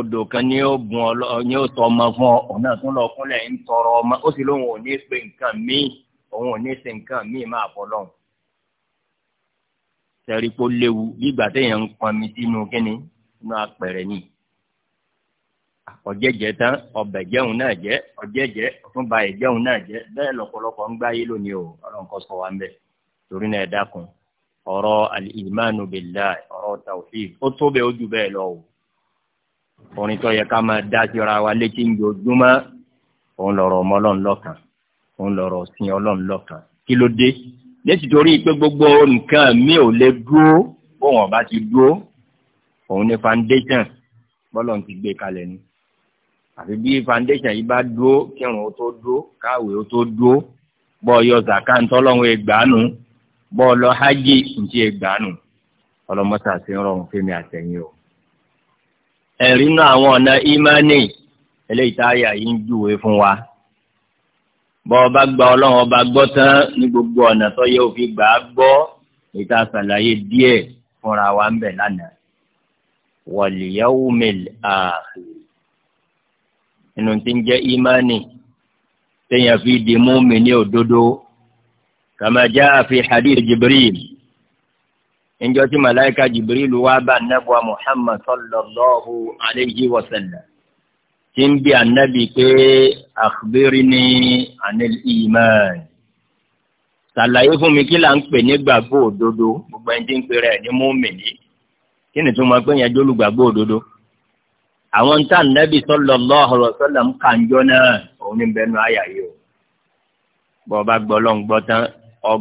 odò kan ní ó gun ọ ní ó tọ ọmọ fún ọ ọ̀nà tó lọ kúnlẹ̀ ń tọrọ ọmọ ó sì lóun ò ní pe nǹkan míì òun ò ní ṣe nǹkan míì máa bọ̀ lọ́hùn. sẹ́rí pé ó léwu nígbà téèyàn ń pọnmi sínú kínní inú apẹ̀rẹ̀ ni. ọ̀jẹ̀jẹ̀ tán ọbẹ̀ jẹun náà jẹ́ ọ̀jẹ̀jẹ̀ ọ̀túnba ìjẹun náà jẹ́ bẹ́ẹ̀ lọ́pọ̀lọpọ̀ ń gbáyé lónìí o ọlọ́run ọ̀rọ̀ al orin tó yẹ ká máa dá síra wa létí ń jojúmọ́ òun lọ̀rọ̀ ọmọ ọlọ́run lọ́kàn òun lọ̀rọ̀ sin ọlọ́run lọ́kàn kí ló dé létí torí pé gbogbo nǹkan mi ò lè dúró bóun ọba ti dúró òun ni foundation bọ́lọ́run ti gbé kalẹ̀ ni àfi bí foundation yìí bá dúró kírun ó tó dúró káwé ó tó dúró bọ́ ọ yọ zakantọ́ lọ́wọ́ ẹgbàánu hajj ntí ẹgbàánu ọlọmọta sí fún mi àtẹ̀yìn o ẹ̀rí inú àwọn ọ̀nà ìmánì eléyìí tá a yà yín júwe fún wa bọ́ ọba gba ọlọ́run ọba gbọ́ tán ní gbogbo ọ̀nà tó yẹ òfin gbà á gbọ́ ìta ṣàlàyé díẹ̀ fúnra wa ń bẹ̀ lánàá wọ̀lìyàwó mẹ́lẹ̀ ààrẹ inú ti ń jẹ́ ìmánì téèyàn fi di mùmínì òdodo kàmájà fi hadith Jibril níjọ́ tí màláìka Jibril wá bá nẹ́bùa Muhammad sallallahu alayhi wa sallam tí ń bi ànábì pé akhbirni anil iman ṣàlàyé fún mi kí là ń pè ní gbàgbọ́ òdodo gbogbo ẹni tí ń pèrè ní mùmínì kí ni tó máa pè yẹn dólùgbàgbọ́ òdodo àwọn tá ànábì sallallahu alaihi wasallam ń kà ń jọ náà òun ní bẹnu àyà yìí o bọ́ bá gbọ́ lọ́n gbọ́ tán ọ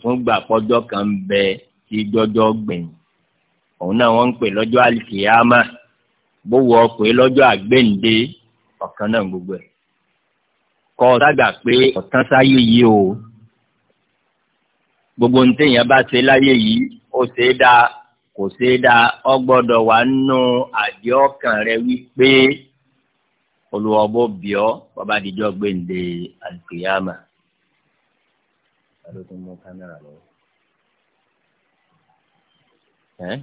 tún gbà pọ́jọ́ kan bẹ́ẹ̀ tí jọjọ gbẹ̀yìn òun náà wọ́n ń pè lọ́jọ́ àlìkìyàmá bówó ọpẹ́ lọ́jọ́ àgbẹ̀ǹde ọ̀kan náà gbogbo ẹ̀ kọ́ ọ ságbà pé ọ̀tán sáyé yìí o gbogbo ní téèyàn bá ṣe láyé yìí ó ṣe é dáa kò ṣe é dáa ọ gbọ́dọ̀ wà nù àdìẹ ọkàn rẹ wípé olùwọbọ bíọ bàbá àdìjọ gbẹǹde àlùkìyàmà. Hello, tengo cámara, ¿no? Eh?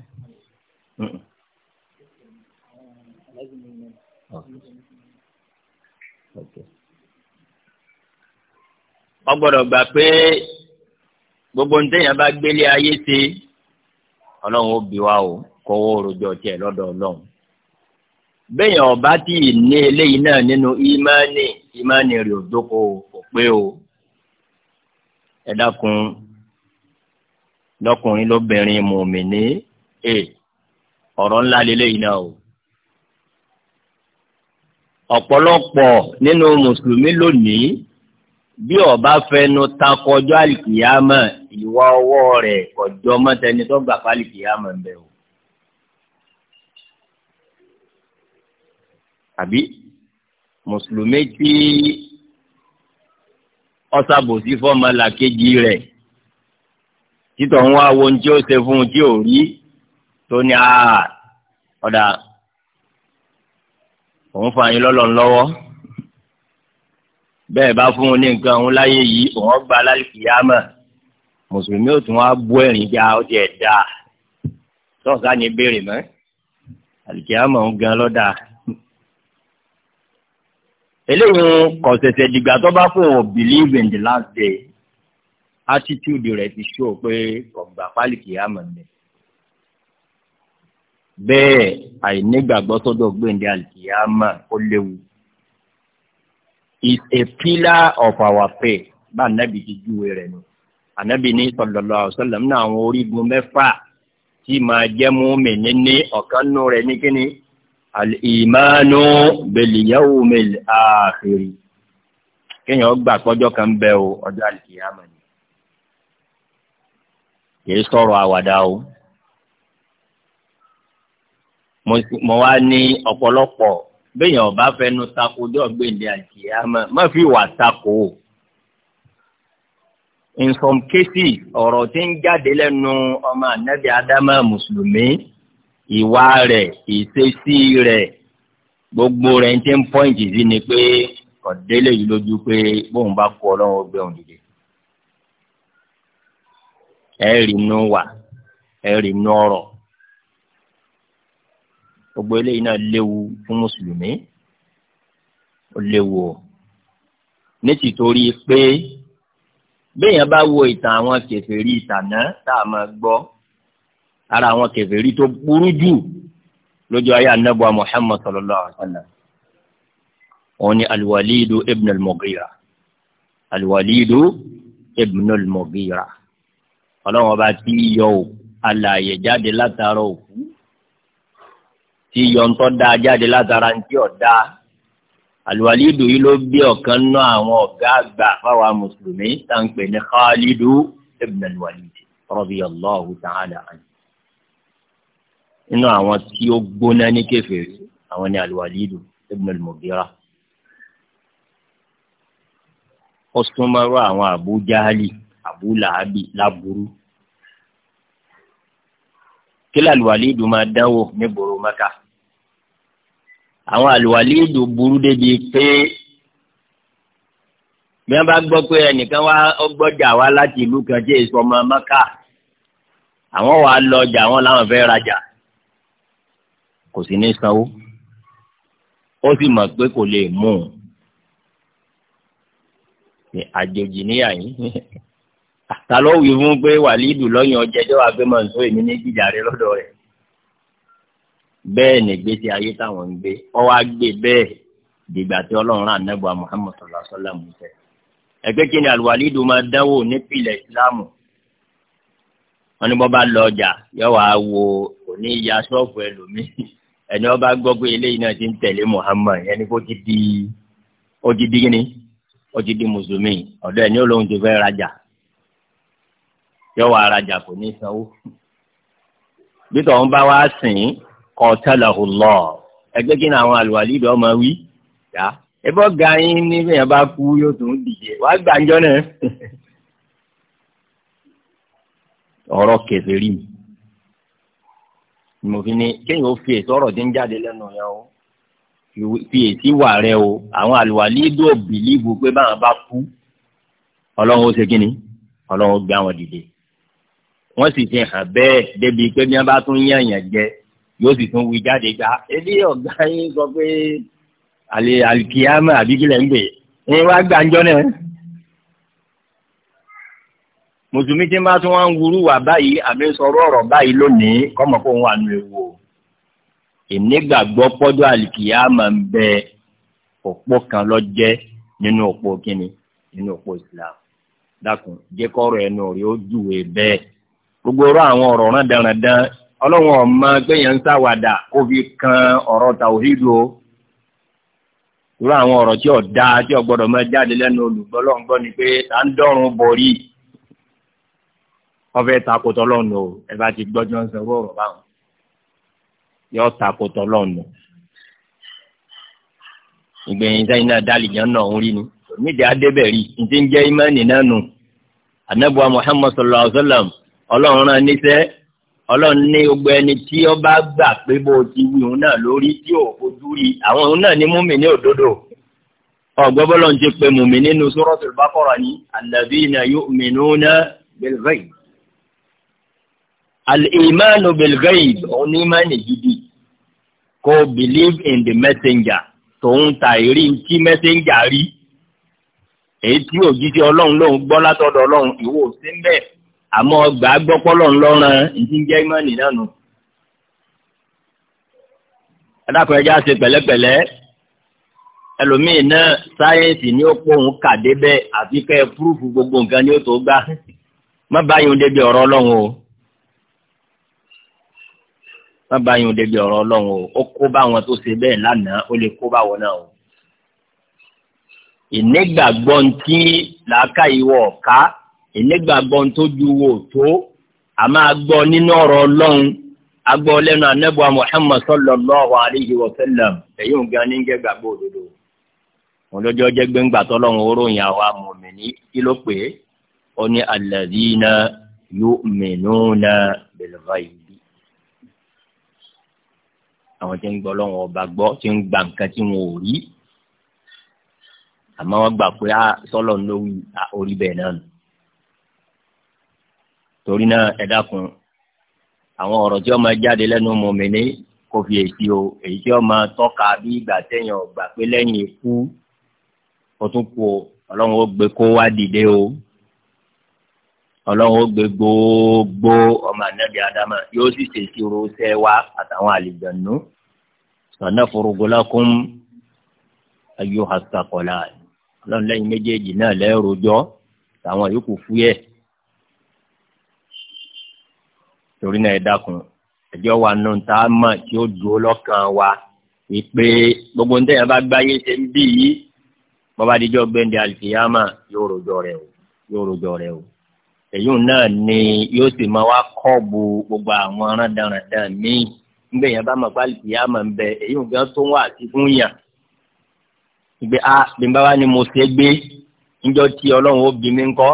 gbà pé gbogbo ní téèyàn bá gbélé ayé ọlọ́run ó o kọ́wọ́ òròjọ́ tiẹ̀ lọ́dọ̀ ọlọ́run. ọba tí ì ní eléyìí náà nínú ìmánì ìmánì rẹ̀ ò o. lọ́kùnrin lóbìnrin mùmíní e ọ̀rọ̀ ńlá lélẹ́yìn náà o ọ̀pọ̀lọpọ̀ nínú mùsùlùmí lónìí bí ọba fẹnu takọjọ àlìkìyàmọ ìwà ọwọ́ rẹ̀ ọjọ mọtẹni tó gbà fàlìkìyàmọ ń bẹ o. àbí mùsùlùmí tí ọsàbòsí fọmọ làkejì rẹ̀ títọ̀ ń wá wo tí ó fún un tí ò rí tó ní àá ọ̀dà òun fa yín lọ́lọ́run lọ́wọ́ bẹ́ẹ̀ bá fún un ní nǹkan òun láyé yìí òun gba lálùkìyámọ̀ mùsùlùmí ò tún wá bú ẹ̀rín já ó tiẹ̀ sọ́ọ̀sá ni béèrè mọ́ àlùkìyámọ̀ ń gan lọ́dà eléyìí kọ̀ọ̀sẹ̀sẹ̀ dìgbà tó bá fún un believe in the last day attitude rẹ̀ ti ṣó pé ọ̀gbà pálíkì àmọ̀ ni bẹ́ẹ̀ àìnígbàgbọ́ sọ́dọ̀ gbẹ̀ǹdé àlìkìyàmà ó léwu is a pillar of our faith bá ànábì ti júwe rẹ̀ nù ànábì ní sallallahu alaihi wasallam náà àwọn orígun mẹ́fà tí máa jẹ́ múmi níní ọ̀kan nù rẹ̀ ní kíni al-imanu bil yawmil akhir kéèyàn gbà pọ́jọ́ kan bẹ́ẹ̀ o ọjọ́ àlìkìyàmà kìí sọ̀rọ̀ àwàdà o mo wá ní ọ̀pọ̀lọpọ̀ béèyàn ọba fẹnu tako dé ọ̀gbẹ́ni àjìyàmọ má fi wà tako o in some cases ọ̀rọ̀ tí ń jáde lẹ́nu ọmọ ànábì ádámà mùsùlùmí ìwà rẹ̀ ìṣesí rẹ̀ gbogbo rẹ̀ ń tẹ́ ń pọ́ǹtì sí ni pé ọ̀dẹ́lẹ̀ yìí lójú pé bóun bá kú ọlọ́run ó gbé ẹ rí inú wà ẹ rí inú ọ̀rọ̀ gbogbo eléyìí náà léwu fún mùsùlùmí ó léwu o nítìtorí pé béèyàn bá wo ìtàn àwọn kèfèrí ìtàná tá a máa gbọ́ ara àwọn kèfèrí tó burú jù lójú ayé anábọ Muhammad sallallahu alaihi òun ni alwalidu ibn al-Mughira alwalidu ibn al-Mughira. al mughira ọlọ́run ọba tí yọ ò alààyè jáde látara òkú tí yọ ń tọ́ da jáde látara ń tí ọ̀dá àlùwalídù yìí ló bí ọ̀kan ná àwọn ọ̀gá àgbà fáwa mùsùlùmí tá ń pè ní khalidu ibn al-walid radiyallahu ta'ala anhu nínú àwọn tí ó gbóná ní kèfèrí àwọn ni àlùwalídù ibn al ó súnmọ́rọ́ àwọn àbú jahali. Abu Lahabi laburu kí làlùwàlídù máa dánwò ní gbòòrò Mẹ́kà àwọn àlùwàlídù burú débi pé bí wọ́n bá gbọ́ pé ẹnìkan wá gbọ́jà wá láti ìlú kan tí èso ọmọ Mẹ́kà àwọn wàá lọ ọjà àwọn làwọn fẹ́ rajà kò sí ní sanwó ó sì mọ̀ pé kò lè mú un àjòjì níyà yín ta ló wí fún pé wàlídù lọ́yìn ọjẹ́jọ́ agbẹ́mọ̀nsó èmi ní jíjàre lọ́dọ̀ rẹ̀ bẹ́ẹ̀ nìgbé tí ayé táwọn ń gbé ọwọ́ agbè bẹ́ẹ̀ dìgbà tí ọlọ́run rán anábọ̀ Muhammad sallallahu alaihi wasallam tẹ̀ ẹgbẹ́ kí ni àlùwàlídù máa dánwò nípìnlẹ̀ ìsìláàmù wọn ni wọn bá lọ ọjà yóò wá wo òní ìyá ṣọ́ọ̀fù ẹlòmíì ẹni wọn bá gbọ́ pé eléyìí náà ti ń tẹ̀lé Muhammad ẹni kó ti di ó ti di kíni ó ti di mùsùlùmí ọ̀dọ̀ ẹni olóhùn tó fẹ́ rajà yọ wà arajà kò ní sanwó bí tọ̀hún bá wá sìn qatalahu Allah ẹgbẹ́ kí ni àwọn àlùwàlì ìdọ́ máa wí yá ẹbọ ga yín ní bẹ́ẹ̀ bá kú yóò tún dìde wàá gbàǹjọ́ náà ọ̀rọ̀ kèfèrí mi mo ni kéèyàn ó fi èso ọ̀rọ̀ tí ń jáde lẹ́nu yẹn o fi èsì wà rẹ o àwọn àlùwàlì dò bìlíìbù pé báwọn bá kú ọlọ́run ó ṣe kí ni ọlọ́run ó gbé àwọn dìde wọ́n sì fi hàn bẹ́ẹ̀ débi pé bí wọ́n bá tún yànyàn jẹ yóò sì tún wí jáde gbà ah, ebi ọ̀gá yín sọ pé àlè àlìkíyàmà àbíkílẹ̀ ń bè é wá gbàǹjọ́ náà mùsùlùmí tí ń bá tún wá ń wúrú wà báyìí àbí ń sọ̀rọ̀ ọ̀rọ̀ báyìí lónìí kọ́mọ kó ń wà ewu o ìnígbàgbọ́ pọ́jọ́ ń bẹ òpó kan lọ jẹ́ nínú òpó kínní nínú òpó Islam dákun jẹ́ ẹnu rẹ̀ ó júwe bẹ́ẹ̀ gbogbo ọrọ àwọn ọ̀rọ̀ ọmọ kó fi kan ọ̀rọ̀ àwọn ọ̀rọ̀ tí ọ̀dá tí ọ̀gbọ́dọ̀ máa jáde lẹ́nu olùgbọ́lọ́ngbọ́ ni pé ta ń takòtò o ẹ bá ti gbọ́jọ́ ń sanwó báwọn yọ takòtò ìgbẹ̀yìn sẹ́yìn náà náà ń rí ni adébẹ̀rí ní ti ń jẹ́ ìmánì ọlọ́run rán níṣẹ́ ọlọ́run ní gbogbo ẹni tí ó bá gbà pé bó ti wí òun náà lórí tí ò fojú rí àwọn òun náà ní mùmínì òdodo ọgbọ́n bọ́lá ń ti pe mùmínì nínú Suratul Baqara ni alladhina yu'minuna bil ghaib al-imanu bil ghaib òun ní ìmánì gidi kò believe in the messenger tòun ta ìrí tí messenger rí èyí tí òjijì ọlọ́run lòun gbọ́ látọ̀dọ̀ ọlọ́run ìwò sí ń àmọ́ ọgbà gbọpọlọ ńlọ́ràn ìdí ń jẹ́ ìmọ̀nì náà nù. adákùn ẹja ṣe ẹlòmíì náà ni ó pọ̀ òun kà débẹ̀ àfi kẹ́ ẹ gbogbo nǹkan ni ó tó gbà má báyìí ń débi ọ̀rọ̀ o má báyìí ń débi ọ̀rọ̀ o ó kó báwọn tó ṣe bẹ́ẹ̀ lánàá ó lè ìnígbàgbọ́ tójú wo tó a máa gbọ́ nínú ọ̀rọ̀ ọlọ́run agbọ́ lẹ́nu anábọ̀ Muhammad sallallahu alayhi wa sallam èyí ń gan ní ń jẹ́ gbàgbọ́ òdodo olójó jẹ́ gbẹ́ngbà tọ́lọ́run oróyìn àwa mùmìnì kí ló pé ó ní alladhina yu'minuna bil ghaibi àwọn tí ń gbọ́ lọ́wọ́ ọba gbọ́ tí ń gba nǹkan tí wọn ò rí àmọ́ wọ́n gbà pé ah, sọ́lọ́ ń lówí ah, orí bẹ́ẹ̀ náà nù torí náà ẹ dákun àwọn ọ̀rọ̀ tí ó máa jáde lẹ́nu mọ̀mìnì kò fi èsì o èyí tí ó máa tọ́ka bí ìgbà téèyàn gbà pé lẹ́yìn ikú ó tún kú o ọlọ́run ó gbé kó wá dìde o ọlọ́run ó gbé gbogbo ọmọ ànábì adama yóò sì ṣèṣirò ṣẹ́ wa àtàwọn àlìjọ̀nù sọ̀nà fúrugùlákùn ayé hasakọ̀lá ọlọ́run lẹ́yìn méjèèjì náà lẹ́rù jọ yòókù fúyẹ́ torí náà ẹ dákun ẹjọ́ wa nù tá a mọ̀ tí ó dúró lọ́kàn wa ìpè gbogbo ní tẹ̀yà bá gbáyé ṣe ń bí yìí bọ́bá díjọ́ gbẹ̀ndẹ̀ àlìkìyàmà yóò rojọ́ rẹ̀ o yóò rojọ́ rẹ̀ o èyí náà ni yóò sì máa wá kọ́ọ̀bù gbogbo àwọn arándanrandan míì nígbà yẹn bá mọ̀ pé àlìkìyàmà ń bẹ èyí nǹkan tó ń wà sí fún yàn ìgbé a bímbá wa ni mo ṣe gbé níjọ́ tí ọlọ́run ó bí mi ńkọ́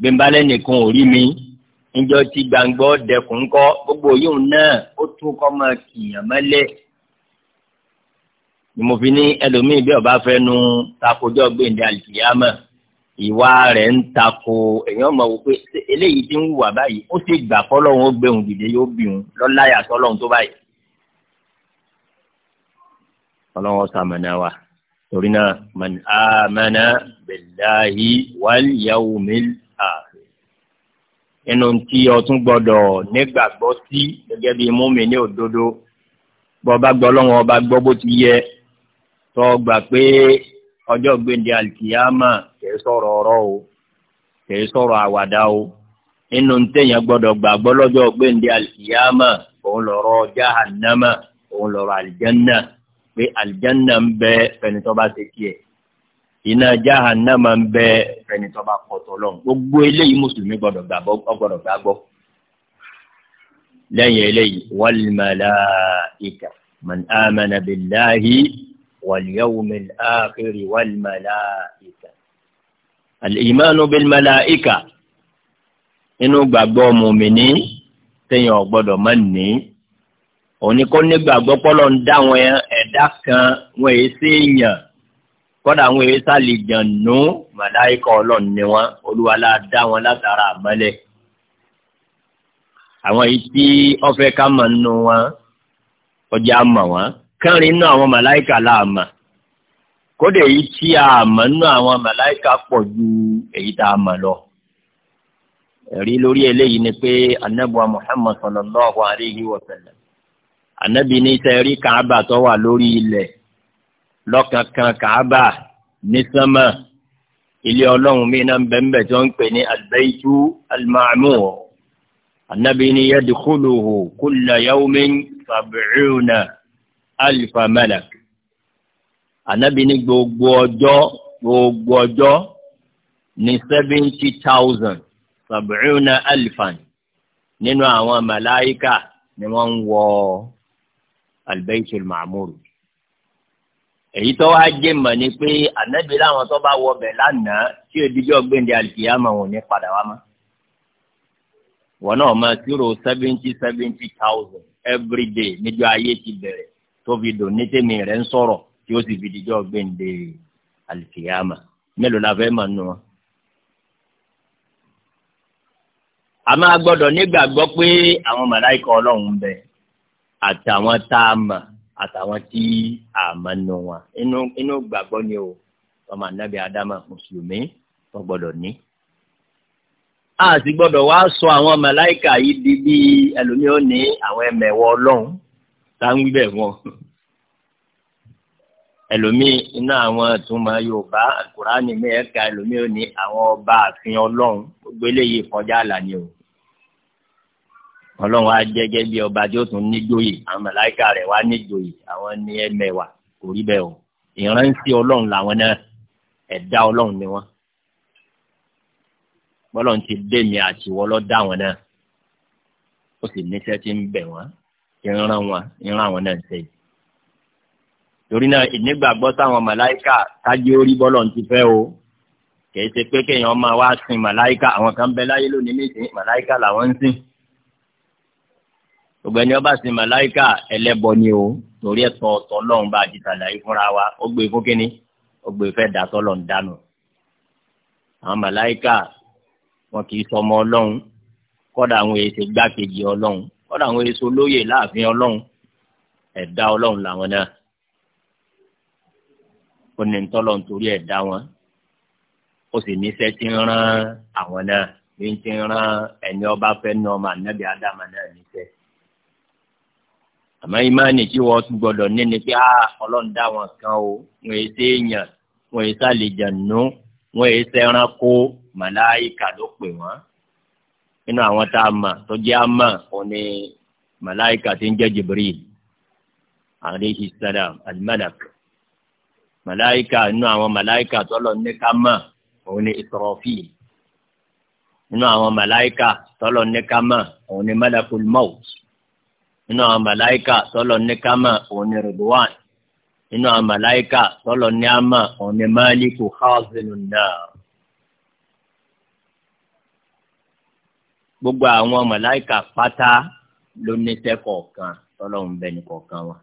bímbá lẹ́nìkan ò rí mi níjọ tí gbàngbọ́ dẹkùn kọ́ gbogbo yóò náà ó tún kọ́ máa kìyàn mọ́lẹ̀ ni mo fi ní ẹlòmíì bí ọba fẹ́ nu takojọ́ gbèǹde àlìkìyàmọ̀ ìwà rẹ̀ ń tako èèyàn mọ̀ wò pé eléyìí ti ń wà báyìí ó sì gbà fọlọ́hún ó gbẹ̀hùn dìde yóò bì hùn lọ́láyà tọ́lọ́hún tó báyìí. ọlọ́wọ́ sàmánà wa torí náà man amana billahi wal yawmil inú tí ọtún gbọ́dọ̀ nígbàgbọ́ sí gẹ́gẹ́ bí múmi ní òdodo bọba gbọ lọ́wọ́ ọba gbọ́ bó ti yẹ tó gbà pé ọjọ́ gbèndé alikiyama kìí sọ̀rọ̀ ọ̀rọ̀ o kìí sọ̀rọ̀ àwàdà o inú téèyàn gbọ́dọ̀ gbàgbọ́ lọ́jọ́ gbèndé alikiyama òun lọ̀rọ̀ jahannama òun lọ̀rọ̀ alijanna pé alijanna ń bẹ fẹnitọ́ bá ṣe tiẹ̀ iná jahannama ń bẹ fẹni tó bá kọ tọlọ gbogbo eléyìí mùsùlùmí gbọ́dọ̀ gbàgbọ́ ọgbọ́dọ̀ gbàgbọ́ lẹ́yìn eléyìí wal malaika man amana billahi wal yawmil akhir wal malaika al imanu bil malaika inú gbàgbọ́ mùmíní téèyàn gbọ́dọ̀ má ní òní kó nígbàgbọ́ ń dá ẹ̀dá kan wọn èé séèyàn kọ́dà àwọn eré sálìjànú màláìkà ọlọ́run ni wọ́n olúwalá dá wọn látara àmọ́lẹ̀ àwọn yìí tí ọ̀fẹ́ ká mọ̀ nínú wọn ọjà mọ̀ wọn kẹrin nínú àwọn màláìkà láàmà kódà èyí tí a mọ̀ nínú àwọn màláìkà pọ̀ ju èyí tá a mọ̀ lọ ẹ̀rí lórí eléyìí ni pé anábùwà Muhammad sallallahu alayhi wa anábì ní sẹ́rí kàábà tó wà lórí ilẹ̀ lọ́kankan kàába ní sánmà ilé ọlọ́run mi náà bẹ́ẹ̀ tí wọ́n ń pè ní albaitu alma'mur anabi ni yadkhuluhu kulla yawmin sab'una alfa malak anabi ni gbogbo ọjọ́ gbogbo ọjọ́ ní seventy thousand sab'una alfan nínú àwọn màláíkà ni wọ́n ń wọ albaitu alma'mur èyí tó wá jẹ́ mọ̀ ni pé ànábì láwọn tó bá wọ ọbẹ̀ lánàá tí òdìjọ́ gbẹ̀ndẹ̀ àlùkìyàmọ̀ wọn ní padà wá mọ́. wọn náà máa ṣírò seventy seventy thousand every day níjọ́ ayé ti bẹ̀rẹ̀ tó fi dùn ní tèmi rẹ̀ ń sọ̀rọ̀ tí ó sì fi dìjọ́ gbẹ̀ndẹ̀ àlùkìyàmọ̀ mélòó la fẹ́ mọ̀ nù wọn. a máa gbọ́dọ̀ nígbàgbọ́ pé àwọn màláìkà ọlọ́run bẹ àtàwọn tá a mọ̀ àtàwọn tí a máa nù wọn inú inú gbàgbọ́ ni o ọmọ anabi adama mùsùlùmí tó gbọdọ̀ ní. a sì gbọdọ̀ wá sọ àwọn màláìkà yìí di bí ẹlòmíì ó ní àwọn ẹmẹ̀wọ̀ ọlọ́run tá ń bẹ̀ wọn. ẹlòmíì iná àwọn ìtumọ̀ yorùbá kùránì mẹ́ẹ̀ẹ́ka ẹlòmíì ó ní àwọn ọba àfin ọlọ́run gbogbo eléyìí kọjá àlàní o ọlọ́run wa jẹ́gẹ́ bí ọba tí ó tún níjòyè àwọn màláìka rẹ̀ wá níjòyè àwọn ní ẹlẹ́wà kò rí bẹ́ẹ̀ o ìrántí ọlọ́run làwọn náà ẹ̀dá ọlọ́run ni wọ́n bọ́lọ́run ti dé mi àti wọ́n lọ́ dá wọn náà ó sì níṣẹ́ tí ń bẹ̀ wọ́n tí wọn ń wọn náà ṣe torí náà ìnígbàgbọ́ sáwọn màláìka kájí ó rí bọ́lọ́run ti fẹ́ o kì ṣe pé kéèyàn máa wá sin màláìka àwọn kan bẹ láyé lónìí méjì màláìka làwọn ń sìn gbogbo ẹni ọba sin màláìka ẹlẹ́bọ ni o torí ẹ̀tọ́ tọ́lọ́run bá ti sàlàyé fúnra wa ó gbé fún kínní ó gbé fẹ́ dà tọ́lọ́run dànù àwọn màláìka wọn kì í sọmọ ọlọ́run kọ́dà àwọn èsè gbákejì ọlọ́run kọ́dà àwọn èso lóye láàfin ọlọ́run ẹ̀dá ọlọ́run làwọn náà ó ní tọ́lọ̀ nítorí ẹ̀dá wọn ó sì níṣẹ́ tí ń rán àwọn náà bí ń ti rán ẹni ọba fẹ́ nu ọmọ ànábì ádámà náà níṣẹ́ àmọ́ ìmánì tí wọ́n tún gbọ́dọ̀ ní ni pé á ọlọ́run dá wọn kan o wọn èyí ṣe èèyàn wọn èyí ṣàlejànú wọn èyí ṣẹranko màláìkà ló pè wọ́n nínú àwọn tá a mọ̀ tó jẹ́ a mọ̀ òun ni màláìkà tí ń jẹ́ Jibril alayhi salam al-malak nínú àwọn màláìkà tọ́lọ̀ ní ká mọ̀ òun ni Israfil nínú àwọn màláìkà tọ́lọ̀ ní ká mọ̀ òun ni malakul maut nínú àwọn màláìkà tọ́lọ̀ ní kámà òun ni Ridwan nínú àwọn màláìkà tọ́lọ̀ ní àmà òun ni Máàlíkù Khazinu náà. gbogbo àwọn màláìkà pátá ló ní tẹ́kọ̀ọ̀kan tọ́lọ́hún bẹ́ẹ̀ ní kọ̀ọ̀kan wa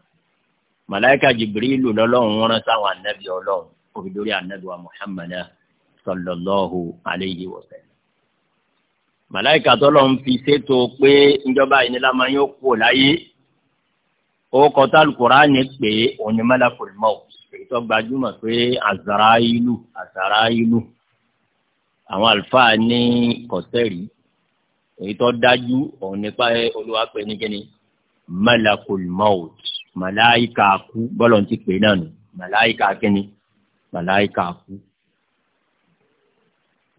màláìkà Jibrilu lọ́lọ́hún rán sáwọn anábì ọlọ́hún òbí lórí wa Muhammad sallallahu alayhi wa sallam màláìka tọ́lọ̀ ń fi ṣètò pé ìjọba ìnira máa yóò kú láyé ó kọ tálùkùránì pé òní malakul maut èyí tó gbajúmọ̀ pé azarailu azarailu àwọn àlùfáà ní kọ̀sẹ́rì èyí tó dájú òun nípa olúwa pé ní kíni malakul maut màláìka kú bọ́lọ̀ ti pè náà nù màláìka kíni màláìka kú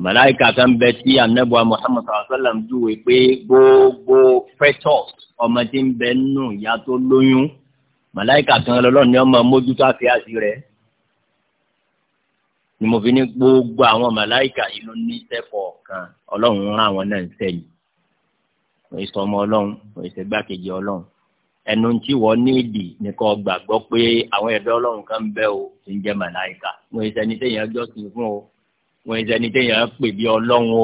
màláìka kan bẹ tí anabu muhammad sallam júwe pé gbogbo fetus ọmọ tí ń bẹ nù ìyá tó lóyún màláìka kan lọ́lọ́run ni ọmọ mójútó àfíàsí rẹ̀ ni mo fi ní gbogbo àwọn màláìka yìí ló ní sẹ́kọ̀ kan ọlọ́run rán àwọn náà ń sẹ́yìn òye sọmọ ọlọ́run òye sẹ́gbàkejì ọlọ́run ẹnu tí wọ́n ní ìdì nìkan gbàgbọ́ pé àwọn ẹ̀dọ́ ọlọ́run kan bẹ o ti ń jẹ́ màláìka òye sẹ́ni sẹ́yìn ẹjọ́ sí fún o wọn ìsẹni téèyàn pè bí ọlọ́run o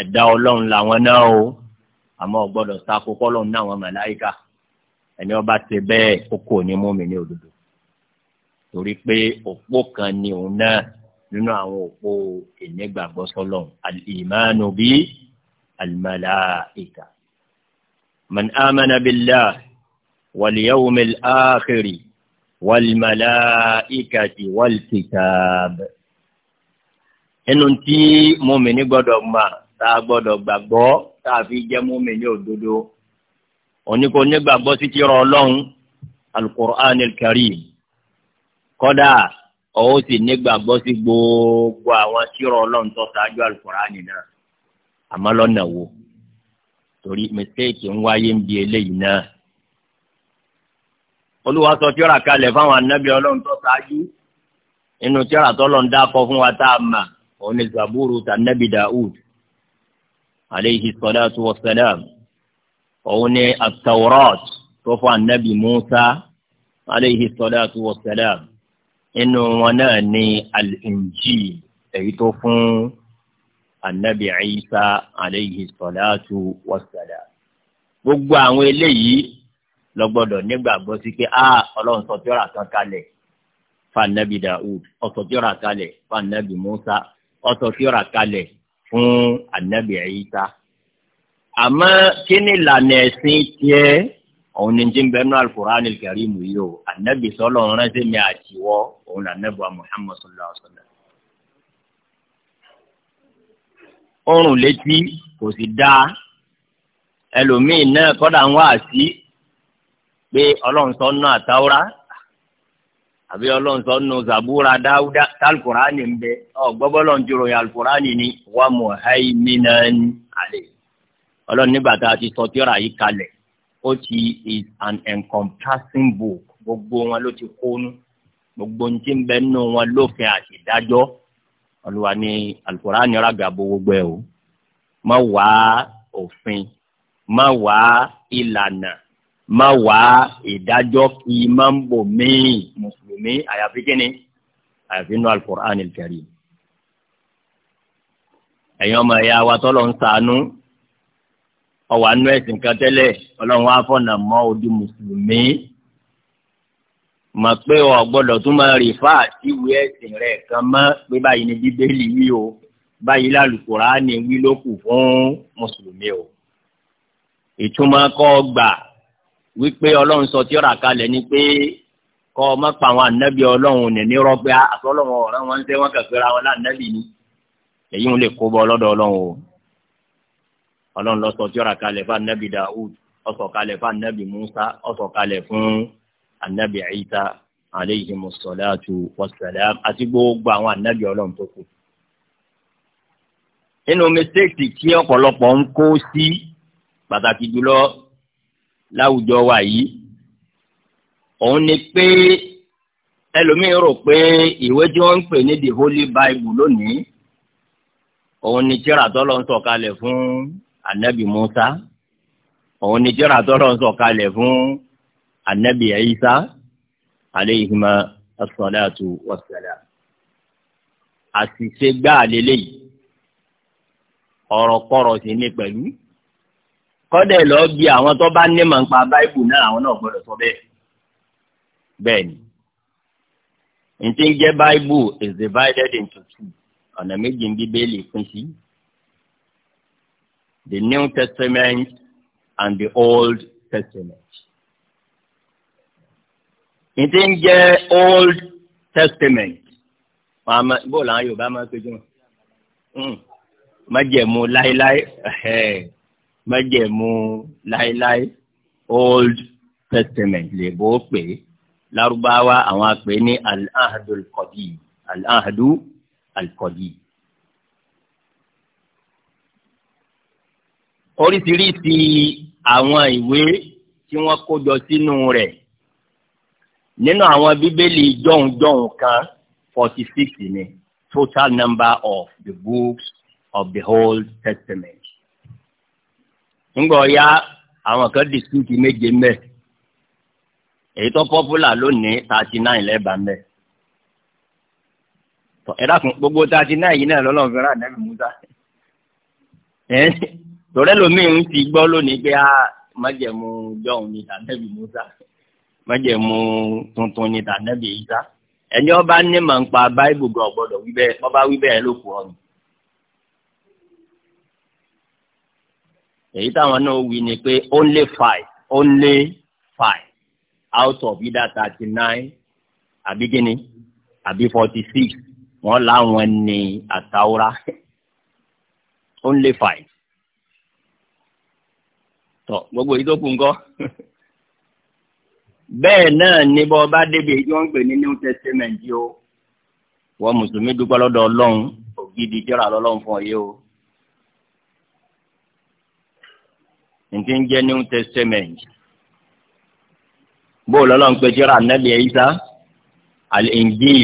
ẹ̀dá ọlọ́run làwọn náà o àmọ́ gbọ́dọ̀ sako kọ́lọ́run náà wọn màláìka ẹni ọba ti bẹ́ẹ̀ kókó ní mọ́mí ní òdodo torí pé òpó kan ni òun náà nínú àwọn òpó ìnígbàgbọ́ sọlọ́run al-imanu bi man amana billah wal yawmil akhiri wal malaikati nínú tí mùmíní gbọ́dọ̀ mà tá a gbọ́dọ̀ gbàgbọ́ tá a fi jẹ́ mùmíní òdodo oníkó nígbàgbọ́ sí ti rọ ọlọ́run alukur'an karim kọ́dà ọ̀hún sì nígbàgbọ́ sí gbogbo àwọn tírà ọlọ́run tó ṣáájú alukur'an náà àmọ́ lọ́nà wo torí mistake ń wáyé ń bi eléyìí náà olúwa sọ tírà kalẹ̀ fáwọn anábìá ọlọ́run tó ṣáájú inú tírà tọ́lọ́ ń dákọ̀ fún wa tá a mà òun ni zaburu tanabi daoud aleyhi salatu wa salam òun ni atawrat tó fún anabi musa aleyhi salatu wa salam inú wọn náà ni al-injil èyí tó fún anabi isa aleyhi salatu wa salam gbogbo àwọn eléyìí lọ gbọ́dọ̀ nígbàgbọ́ sí pé a Ọlọ́run sọ tírà kan kalẹ̀ fanabi daoud ọsọ tírà kalẹ̀ fanabi musa ọ̀tọ̀ tí ó rà kalẹ̀ fún ànábì Ìsá àmọ́ kí ni ìlànà ẹ̀sìn tiẹ̀ òun ni jí ń bẹ nú Al-Qur'anil Karim yìí o ànábì sọlọ ń ránṣẹ́ mi àtiwọ òun là nẹbù Muhammad sallallahu alaihi wasallam. ọrùn létí kò sì dáa ẹlòmíín náà kọ́dà ń wá àti pé ọlọ́run sọ náà táwọ́rá àbí ọlọ́run sọ nù zabura dáúdá tálkùránì ń bẹ ọ gbọ́bọ́lọ̀ ń jùrò yàn alkùránì ni wà muhaiminan alẹ́ ọlọ́run nígbà tá a ti sọ tíọ́rà yìí kalẹ̀ ó ti is an encompassing book gbogbo wọn ló ti kónú gbogbo ń ti ń bẹ nù wọn lófin àti ìdájọ́ olùwà ni alkùránì rágbàbo gbogbo ẹ o má wàá òfin má wàá ìlànà má wá ìdájọ́ kí má ń bò míì mùsùlùmí àyàfi kíni àyàfi nù alukur'an karim. ẹ̀yin ọmọ ẹ̀yà wa tọ́lọ̀ ń sànú ọwọ́ anú ẹ̀sìn kan tẹ́lẹ̀ ọlọ́run wá fọ̀nà mọ́ odi mùsùlùmí mọ̀ pé o gbọ́dọ̀ tún máa rí fáà síwèé ẹ̀sìn rẹ̀ kan mọ́ pé báyìí ni bíbélì wí o báyìí lálùkùránì wí ló kù fún mùsùlùmí o ìtumọ̀ kọ́ gbà wípé ọlọ́run sọ tí ọ̀rà kalẹ̀ ni pé kọ́ ọmọ pa àwọn ànábì ọlọ́run ní nírọ́gbẹ́ ah, àtọ́lọ́run ọ̀rẹ́ wọn ń tẹ́ wọn kẹfẹ́ ra wọn lánàbì ni èyí ń lè kó bọ́ lọ́dọ̀ ọlọ́run o ọlọ́run lọ sọ tí ọ̀rà kalẹ̀ fún ànábì Dawud ó sọ kalẹ̀ fún ànábì Musa ó sọ kalẹ̀ fún ànábì Isa aleyhi musalatu wasalam àti gbogbo àwọn ànábì ọlọ́run tó kù nínú mistake tí ọ̀pọ̀lọpọ̀ ń kó sí pàtàkì jùlọ láwùjọ wa yìí òun ni pé ẹlòmíín rò pé ìwé tí wọ́n ń pè ní the holy bible lónìí òun ni tírà tọ́lọ́ ń sọ̀kalẹ̀ fún anabi musa òun ni tírà tọ́lọ́ ń sọ̀kalẹ̀ fún anabi isa aleyhima asalaatu wasalaam àṣìṣe gbáà lélẹ́yìí ọ̀rọ̀ kọ̀rọ̀ sí ní pẹ̀lú kọ́dẹ̀ lọ bí àwọn tó bá ní màá ń pa báìbù náà àwọn náà gbọ́dọ̀ sọ bẹ́ẹ̀ bẹ́ẹ̀ ni n ti ń jẹ́ báìbù is divided into two ọ̀nà méjì ń bíbélì pín sí the New Testament and the Old Testament n ti ń jẹ́ Old Testament bóòlù àwọn Yorùbá máa ń pejọ́ hmm. májẹ̀mú láéláé májẹ̀mú láéláé old testament lè bó pè larubawa lárúbáwá àwọn àpè ní al-ahdu al-qadim al-ahdu al-qadim. oríṣiríṣi àwọn ìwé tí wọ́n kó jọ sínú rẹ̀ nínú àwọn bíbélì jọ̀hún-jọ̀hún kan forty six ni total number of the books of the Old Testament ńgbọ̀ ya àwọn kan district méje mẹ́ èyí popular lónìí thirty nine lẹ́ẹ̀bà mẹ́ ẹ gbogbo thirty nine yìí náà lọ́lọ́run fẹ́ràn ti gbọ́ lónìí pé a ah, májẹ̀mú jọ̀hún ni tànẹ́bí musa májẹ̀mú tuntun ni tànẹ́bí isa ẹni ọba ní báíbù èyí táwọn náà wí ni pé only five only five out of either thirty nine àbí gíní àbí forty six wọ́n láwọn ní àtàwọ́rá only five tọ gbogbo yìí tó kù ńkọ́ bẹ́ẹ̀ náà ni bọ́ bá débi èyí wọ́n ń pè ní new testament yìí o wọ́n mùsùlùmí dúpẹ́ lọ́dọ̀ ọlọ́run ògidì jẹ́ra lọ́lọ́run fún ọ yìí o nti ń jẹ́ new testament bó lọ́lọ́ ń pe tíra anabi Isa al-Injil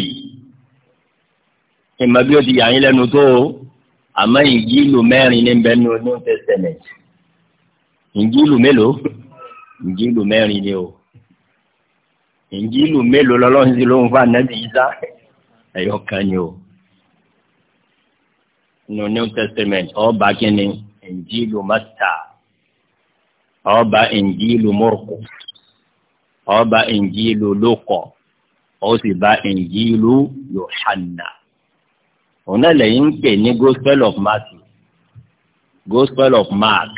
ìmọ̀ bí ó ti yà yín lẹ́nu tó àmọ́ ìjìlù mẹ́rin ní bẹ́ẹ̀ ní new testament ìjìlù mélòó ìjìlù mẹ́rin ni o ìjìlù mélòó lọ́lọ́run sí ló ń fa anabi Isa ẹ̀yọ̀ kan ni o nínú new testament ọba kínní ìjìlù mọ́tà ọba ìnjílù mọ́rùkù ọba ìnjílù lókọ̀ ó sì bá ìnjílù yohanna òun náà lẹ́yìn ń pè ní gospel of Matthew gospel of Mark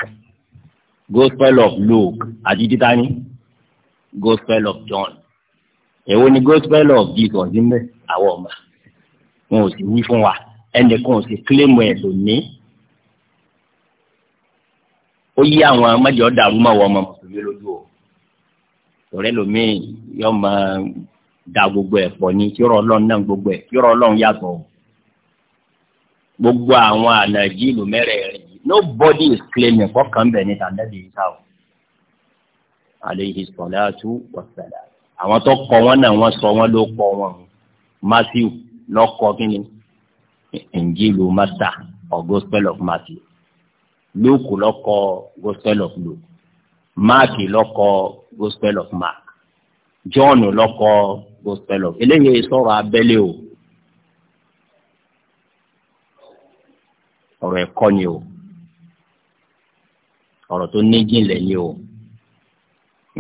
gospel of Luke àti títání gospel of John èwo ni gospel of Jesus níbẹ̀ àwọn ọmọ wọn ò sì wí fún wa ẹnìkan ò sì kílèmù ẹ̀ lónìí ó yí àwọn mẹ́jọ dàrú mọ́ wọn ọmọ mùsùlùmí lójú o tọrẹ lomi yọ máa da gbogbo ẹ̀ pọ̀ ní kíọrọ Ọlọ́run náà gbogbo ẹ̀ kíọrọ Ọlọ́run yàtọ̀ gbogbo àwọn ànàjí ìlú nobody is claiming kọkàn bẹ níta nẹbi yìí sáwọn aleyhi sọláàtú wàsálà àwọn tó kọ wọn náà wọ́n sọ wọn ló kọ wọn Matthew lọkọ kínní Injilu Master or Gospel of Matthew Luke lọ́kọ gospel of luke Mark lọ́kọ gospel of mark john lọ́kọ gospel of eléyìí sọ̀rọ̀ abẹ́lé o ọ̀rọ̀ ẹ̀kọ́ ni o ọ̀rọ̀ tó ní jìnlẹ̀ ni o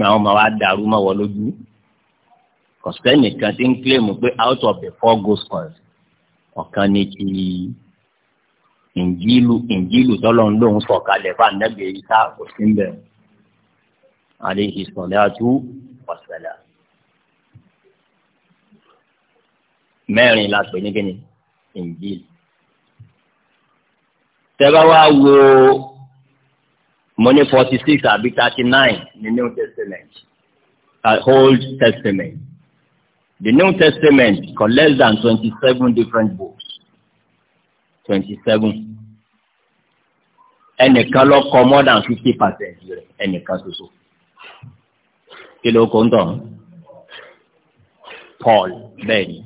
àwọn ọmọ wa dàrú mọ́ wọ lójú kọ̀sẹ́nì kan ti ń kílèmù pé out of the four gospels ọ̀kan ni ti ìnjílù ìnjílù tọ́lọ̀ ń lòun sọ̀kalẹ̀ fún Ànábì Ìsá kò sí ń bẹ̀rù alayhi salatu wassalam. mẹ́rin la pè ní kíni ìnjílù. tẹ́lá wá wo mo ní forty six àbí thirty nine ní New Testament uh, Old Testament. The New Testament collects than twenty seven different books twenty seven ẹnìkan ló kọ more than fifty percent rẹ̀ ẹnìkan ṣoṣo kí ló kó ń tàn Paul bẹ́ẹ̀ ni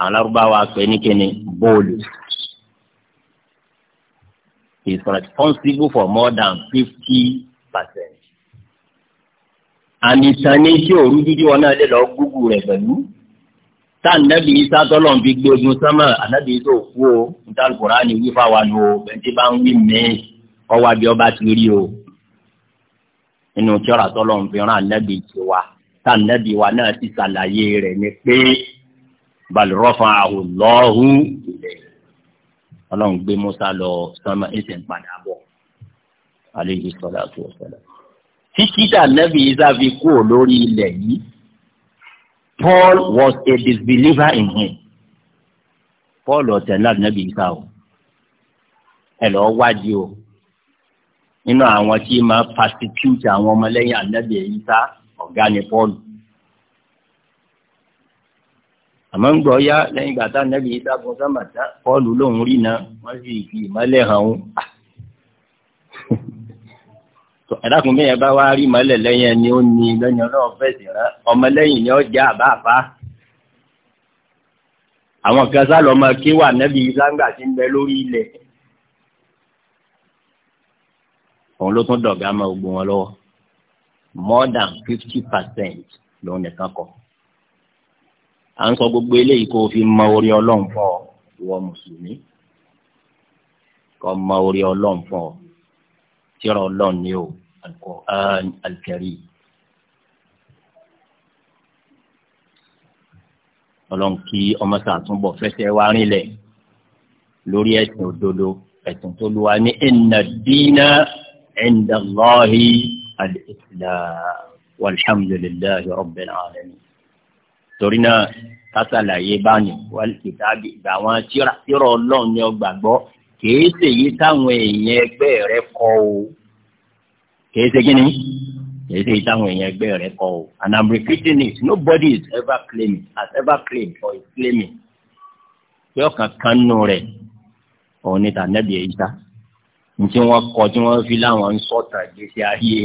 àwọn Lárúbáwá pè ní kíni bóòlù is responsible for more than fifty percent àmì ìsàn ní iṣẹ́ òru dídí wọn náà lè lọ gúgú rẹ̀ pẹ̀lú tá ànábì isa tọ́lọ̀ ń fi gbógun sánmà ànábì isa òkú o níta Al-Kùránì wí fáwa nù o bẹ́ntì bá ń wí mẹ́ẹ̀ ọwọ́ abẹ́ ọba ti rí o nínú tíọ́ra tọ́lọ̀ ń fi rán ànábì ti wa tá ànábì wa náà ti ṣàlàyé rẹ̀ ni pé bal rafa'ahu ọlọ́run gbé Musa lọ sánmà ẹsẹ̀ padà bọ̀ alayhi salatu wa salam títí tá ànábì isa fi kú lórí ilẹ̀ yìí Paul was a disbeliever in him. Paul ọ̀tẹ̀lá nàbí ìta o. Ẹ lọ wádìí o. Nínú àwọn tí máa persecute àwọn ọmọlẹ́yìn ànábì ìta ọ̀gá ni Paul. Àmọ́ ń gbọ́ yá lẹ́yìn ìgbà tá ànábì ìta gun sámàtá Paul lòún rí náà wọ́n sì fi ìmọ́lẹ̀ hàn án ẹ̀dàkùn bí yẹn bá wá rí mọ́lẹ̀ lẹ́yìn ẹni ó ní lẹ́yìn ọlọ́run fẹ̀sìn rán ọmọlẹ́yìn ni ó jẹ́ àbá àbá. àwọn kan sá lọ́mọ kí wà nẹ́bí láńgbà tí ń bẹ lórí ilẹ̀. òun ló tún dọ̀gá mọ́ gbogbo wọn lọ́wọ́ more than fifty percent lòun nìkan kọ. à ń sọ gbogbo eléyìí kó o fi mọ orí ọlọ́run fún ọ ìwọ mùsùlùmí kọ́ mọ orí ọlọ́run fún ọ tíra ọlọ́run ni o. القرآن الكريم ọlọ́run kí ọmọ sàtúnbọ̀ fẹsẹ̀ wá rinlẹ̀ lórí ẹ̀sìn òdodo ẹ̀sìn tó lu wa ní inna ad-dina inda Allahi al-Islam walhamdulillahi rabbil alamin. torí náà kásàlàyé báni wal kitabi ìgbà wọn tíra tíra ọlọ́run ni ó gbàgbọ́ kìí ṣèyí táwọn èèyàn ẹgbẹ́ rẹ kọ́ o kìí ṣe gíní kìí ṣe ìtàwọn èèyàn ẹgbẹ́ rẹ̀ kọ́ o and i'm repeating it nobody is ever claiming has ever claimed or is claiming pé ọ̀kan kan nù rẹ̀ òun ni tànẹ́bì ẹ̀yíṣà ntí wọ́n kọ tí wọ́n fi láwọn ń sọ̀tàn gbèsè ayé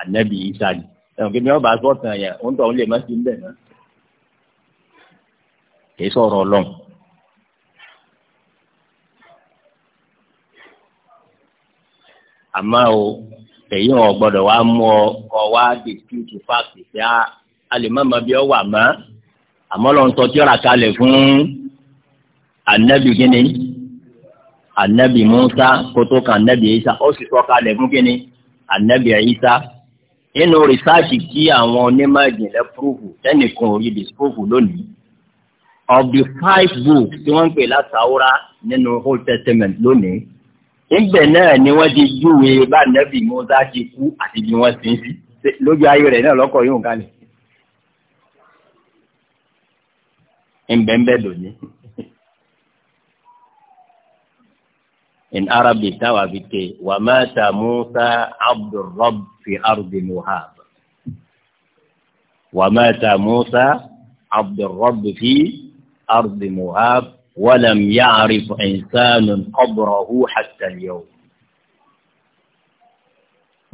ànẹ́bì ẹ̀yíṣà ni ẹ̀wọ̀n kí ni wọ́n bá sọ̀tàn yẹn òun tó ń lè má sí níbẹ̀ náà kìí sọ̀rọ̀ ọlọ́run. àmọ́ o èyí wọn gbọ́dọ̀ wá mú ọ kọ wá dispute fact ṣe á alimami bí ọ wà mọ àmọ́ lọ ń tọ tí ọ̀rà kalẹ̀ fún anabi gini anabi musa kótó kan anabi isa ó sì tọ kalẹ̀ fún gini anabi isa nínú rìsáàsì kí àwọn onímọ̀ ìjìnlẹ̀ púrúfù ẹnìkan ò rí dispúrúfù lónìí of the five books tí wọ́n ń pè látàwọ́rá nínú old testament lónìí ibẹ̀ náà ni wọ́n ti júwe bá nẹ́bì Mùsá ti kú àti bí wọ́n sin sí lójú ayé rẹ̀ náà lọ́kọ̀ yóò kalẹ̀. ìbẹ̀ǹbẹ̀ lónìí. in arabi táwa fi ké wà má ta Mùsá abdulrab fi ardi muhab wà má ta Mùsá abdulrab fi ardi muhab. ولم يعرف إنسان قبره حتى اليوم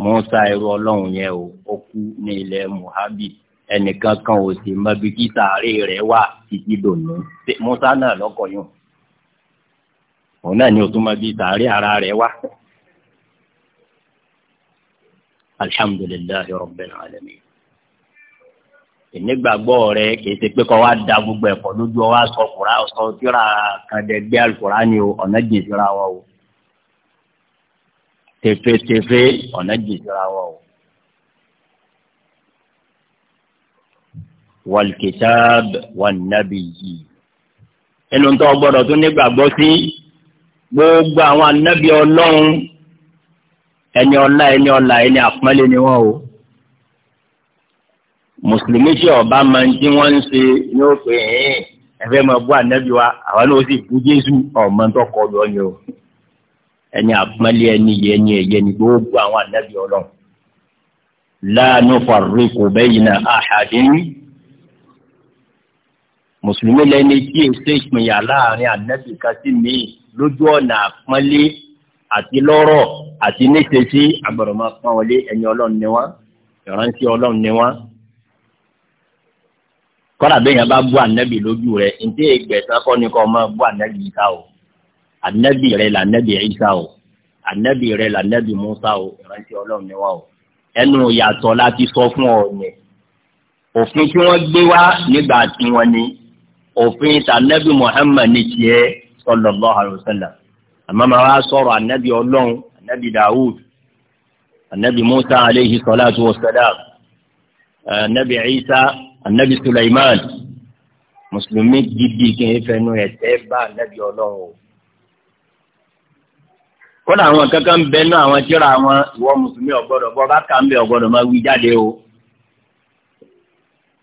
Mùsá irú ọlọ́run yẹn o ó kú ní ilẹ̀ Muhabi ẹnìkan kan ò sì mọ bí kí sàárè rẹ̀ wà títí dòní Mùsá náà lọ́kọ̀ yùn òun náà ni ó tún mọ bí sàárè ara rẹ̀ wà. Alhamdulillahi Rabbil Alamin ìnígbàgbọ́ rẹ kì í ṣe pé kọ́ wá da gbogbo ẹ̀kọ́ lójú ọ wá sọ kura sọ kíra kan dẹ gbé alukura ni o ọ̀nà jìn síra wọn o tefetefe ọ̀nà jìn síra wọn o. wàlùkìtàb wànàbìyì inú tó gbọdọ̀ tó nígbàgbọ́ sí gbogbo àwọn anábì ọlọ́run ẹni ọlá ẹni ọlá ẹni àpọ́nlé ni wọ́n o mùsùlùmí tí ọba máa ń tí wọ́n ń ṣe ní ó pè é ẹ̀fẹ́ máa bú ànábì wa àwọn náà ó sì bú jésù ọmọ tó kọ lọ ni o ẹni àpọ́nlé ẹni yẹ ẹni ẹ̀yẹ ni gbogbo àwọn ànábì ọlọ́run la nufarriqu bayna ahadin mùsùlùmí lẹni tí èsè ìpínyà láàrin ànábì kan sí mi lójú ọ̀nà àpọ́nlé àti lọ́rọ̀ àti níṣẹ́ sí àgbọ̀dọ̀ máa pọ́n wọlé ẹni ọlọ́run ni wọ́n ìrántí ọlọ́run ni wọ́n kọ́ra bẹ́yàn bá bú ànábì lójú rẹ̀ ntẹ́ ìgbẹ̀sán kọ́ ni kọ́ máa bú ànábì Ìsá o ànábì rẹ̀ là ànábì Ìsá o ànábì rẹ̀ là ànábì Mùsá o ìrántí ọlọ́run ni wá o ẹnu yàtọ̀ láti sọ fún ọ yẹn òfin tí wọ́n gbé wá nígbà tí wọ́n ní òfin tànábì Muhammad ní tiẹ̀ sallallahu alaihi wasallam àmọ́ sọ̀rọ̀ ànábì ọlọ́run ànábì Dawud ànábì Mùsá alayhi salatu wassalam ànábì Ìsá anabi Sulaiman mùsùlùmí gidi kí n fẹnu ẹ̀ tẹ́ bá anabi ọlọ́run o kódà àwọn kankan ń bẹ nú àwọn tíra àwọn ìwọ mùsùlùmí ọgbọ́dọ̀ bọ bá kà ń bẹ ọgbọ́dọ̀ máa wí jáde o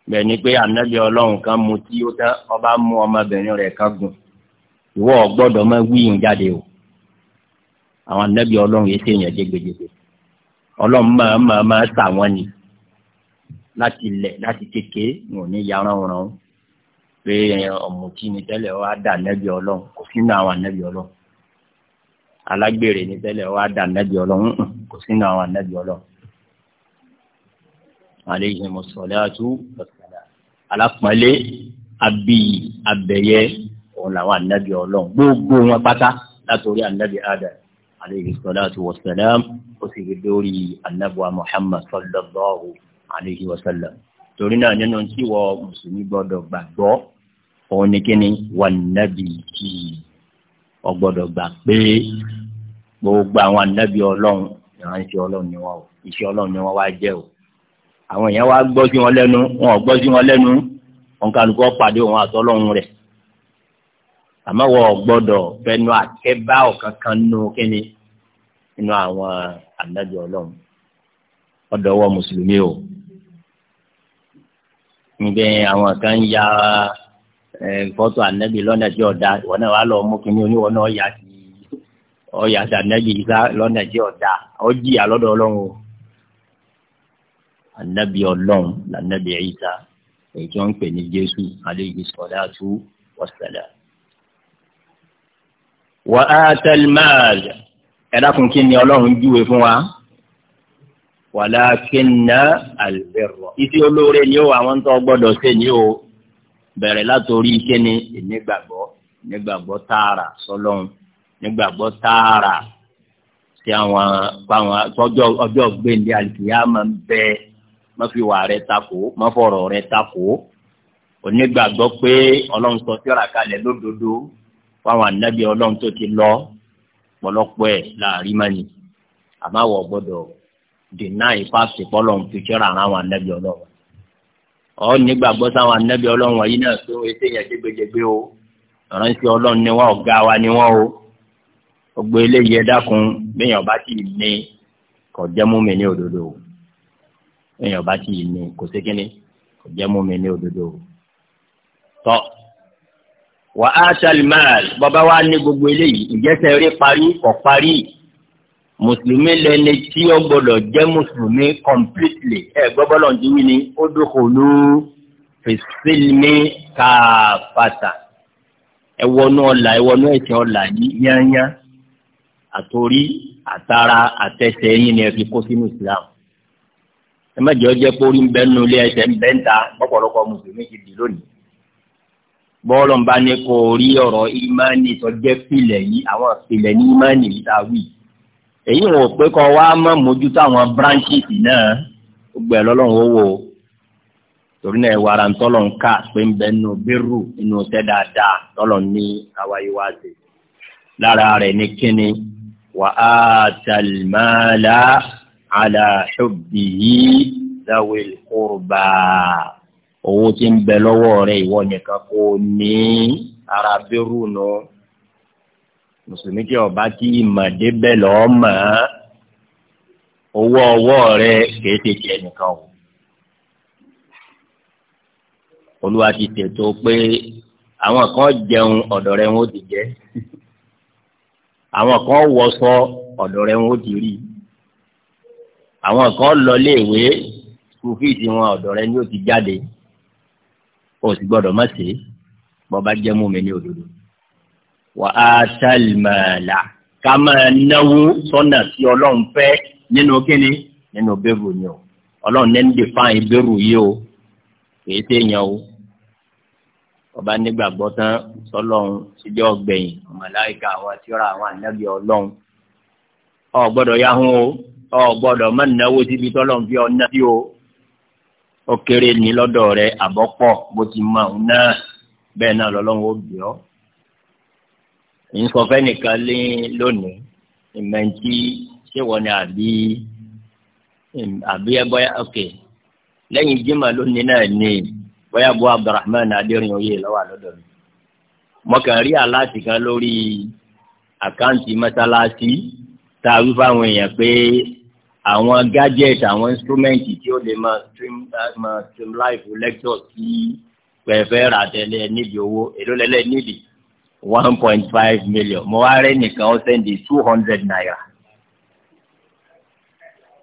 bẹ́ẹ̀ ni pé anabi Ọlọ́run kan mu tí ó tán ọba mú ọmọbìnrin rẹ̀ kan gùn ìwọ ọgbọ́dọ̀ máa wí yìí jáde o àwọn anabi Ọlọ́run yìí ṣèyàn jẹgbẹjẹgbẹ Ọlọ́run máa máa máa tà wọn ni láti ilẹ̀ láti kéke wọn ò ní yaran ọ̀ràn o pé ọ̀mùtí ni tẹ́lẹ̀ wá dà nẹ́bí ọlọ́run kò sínú àwọn ànẹ́bí ọlọ́run alágbèrè ni tẹ́lẹ̀ wá dà nẹ́bí ọlọ́run kò sínú àwọn ànẹ́bí ọlọ́run. aleyhi musalatu wasala alakumale abiyi abẹyẹ òun làwọn ànẹ́bí ọlọ́run gbogbo wọn pátá látòrí ànẹ́bí adam aleyhi musalatu wasala ó sì fi dórí ànẹ́bí wa muhammad sallallahu alayhi wa sallam alayhi wa sallam torí náà nínú tí wọ mùsùlùmí gbọ́dọ̀ gbàgbọ́ òun ni kíni wà nábì kì í ọ gbà pé gbogbo àwọn anábì Ọlọ́run ìránṣẹ́ Ọlọ́run ni wọn o iṣẹ́ Ọlọ́run ni wọn wá jẹ o àwọn èèyàn wá gbọ́ sí wọn lẹ́nu wọn ò gbọ́ sí wọn lẹ́nu wọn kálukú pàdé òun àtọlọ́run rẹ̀ àmọ́ wọn ò gbọ́dọ̀ fẹnu àkẹbá ọ̀kan kan nù kíni nínú àwọn anábì Ọlọ́run ọ̀dọ̀ wọ mùsùlùmí o níbẹ̀ àwọn kan ń ya fọ́tò ànábì lọ́nà tí ọ̀dà ìwọ náà wà lọ́ọ́ mú kínní oníwọ̀ náà yà sí ọ̀yà sí ànábì lọ́nà tí ọ̀dà ó jìyà lọ́dọ̀ ọlọ́run o ànábì ọlọ́run lànábì Ìsá èyí tí wọ́n ń pè ní Jésù alayhi salatu wassalam. wà á tẹ́lẹ̀ máa ẹ̀dá kún kí ni ọlọ́run júwe fún wa wàlákínà albirra iṣẹ́ olóore ni ó àwọn tó gbọ́dọ̀ ṣe ni ó bẹ̀rẹ̀ látòrí iṣẹ́ ni ìnígbàgbọ́ nígbàgbọ́ tààrà sọlọ́n nígbàgbọ́ tààrà tí àwọn àwọn tọjọ ọjọ́ gbẹndé alikiyama ń bẹ má fi wà rẹ takò má fọ̀rọ̀ rẹ takò onígbàgbọ́ pé Ọlọ́run sọ síra kalẹ̀ lódodo fáwọn ànábì Ọlọ́run tó ti lọ pọ̀lọpọ̀ ẹ láàrin mani àmàwọ gbọ́dọ̀ dènà ìfàsì pọ́lọ̀ ń fi kíra àwọn anábì ọlọ́run ọ nígbàgbọ́ sáwọn anábì ọlọ́run yìí náà tó etí yẹn dégbèdégbé o ránṣẹ́ ọlọ́run ni wọ́n ọ̀gá wa ni wọ́n o gbogbo eléyìí ẹ dákun bẹ́ẹ̀yàn bá ti ní kò jẹ́ mú mi ní òdodo o bẹ́ẹ̀yàn bá ti ní kò sí kínní kò jẹ́ mú mi ní òdodo o tọ́ wà á ṣàlùmáà bàbá wa ní gbogbo eléyìí ìjẹ́sẹ̀ rí parí kò parí yìí mùsùlùmí lẹni tí ó gbọ́dọ̀ jẹ́ mùsùlùmí completely ẹ gbọbọlọ ti wí ni ó dókòló fèsìlmí káfàtà ẹ wọnú ọlà ẹ wọnú ẹsẹ ọlà yìí yányá àtòrí àtara àtẹsẹ̀ yín ni ẹ fi kó sínú islam ẹ má jẹ́ ọjẹ́ pórí ń bẹ́ nu ilé ẹsẹ̀ ń bẹ́ ń ta ọ̀pọ̀lọpọ̀ mùsùlùmí ti dì lónìí bọ́ọ̀lù ń bá ní kó rí ọ̀rọ̀ ìmánì tó jẹ́ pilẹ̀ yìí àwọn pilẹ̀ ní ìmánì yìí tá wí èyí wọn ò pé kọ wá má mójútó àwọn branches náà gbogbo ẹ lọ́lọ́run ó wò ó torí náà ẹwà ara ń tọ́lọ̀ ń ká pé ń bẹ nínú bírù nínú tẹ́ dáadáa tọ́lọ̀ ní àwáyéwáṣe lára rẹ̀ ní kíni wà á tàlmálà àlà hubbihi zawil qurba owó tí ń bẹ lọ́wọ́ rẹ̀ ìwọ nìkan kò ní ara bírù náà mùsùlùmí tí ọba tí ìmọ̀ débẹ̀ lọ́ọ́ mọ̀ ọ́ owó ọwọ́ rẹ kìí ṣe tiẹ̀ o olúwa ti tètò pé àwọn kan jẹun ọ̀dọ̀ rẹ wọn ò ti jẹ àwọn kan wọṣọ ọ̀dọ̀ rẹ wọn ò ti rí àwọn kan lọ léèwé kùfíìsì wọn ọ̀dọ̀ rẹ ni ó ti jáde o sì gbọ́dọ̀ má ṣe bọ́ bá mú mi ní òdodo wà á tàlmàlà ká máa náwó sọ́nà tí ọlọ́run fẹ́ nínú kíni nínú bẹ́rù ni o ọlọ́run ní ń dè fáyín bẹ́rù yìí o kìí téèyàn o ọba nígbàgbọ́ tán sọlọ́run síjọ́ ọgbẹ̀yìn màláíkà àwọn tíra àwọn ànábì ọlọ́run ọ gbọ́dọ̀ yahun o ọ gbọ́dọ̀ má náwó síbi tọ́lọ́run fi ọ sí o ó kéré ní lọ́dọ̀ rẹ àbọ̀pọ̀ bó ti mọ̀ ọ́n náà bẹ́ẹ̀ náà lọ́lọ́run ó bì ọ́ ìsọfẹ́ nìkan lé lónìí ìmẹ̀ntì ṣé wọ́n ni àbí àbí ẹ ok lẹ́yìn jimá lónìí náà ni bọ́yá bu abdulrahman adérin oyè lọ́wọ́ àlọ́dọ̀ mi mo kàn rí aláàtì kan lórí àkáǹtì mọ́sálásí tá a wí fáwọn èèyàn pé àwọn gadget àwọn instrument tí ó lè máa stream máa stream live lecture sí pẹ̀fẹ́ rà tẹ́lẹ̀ níbi owó èló lẹ́lẹ́ nídìí one point five million mo wá rẹ nìkan ó sẹ́ndì two hundred naira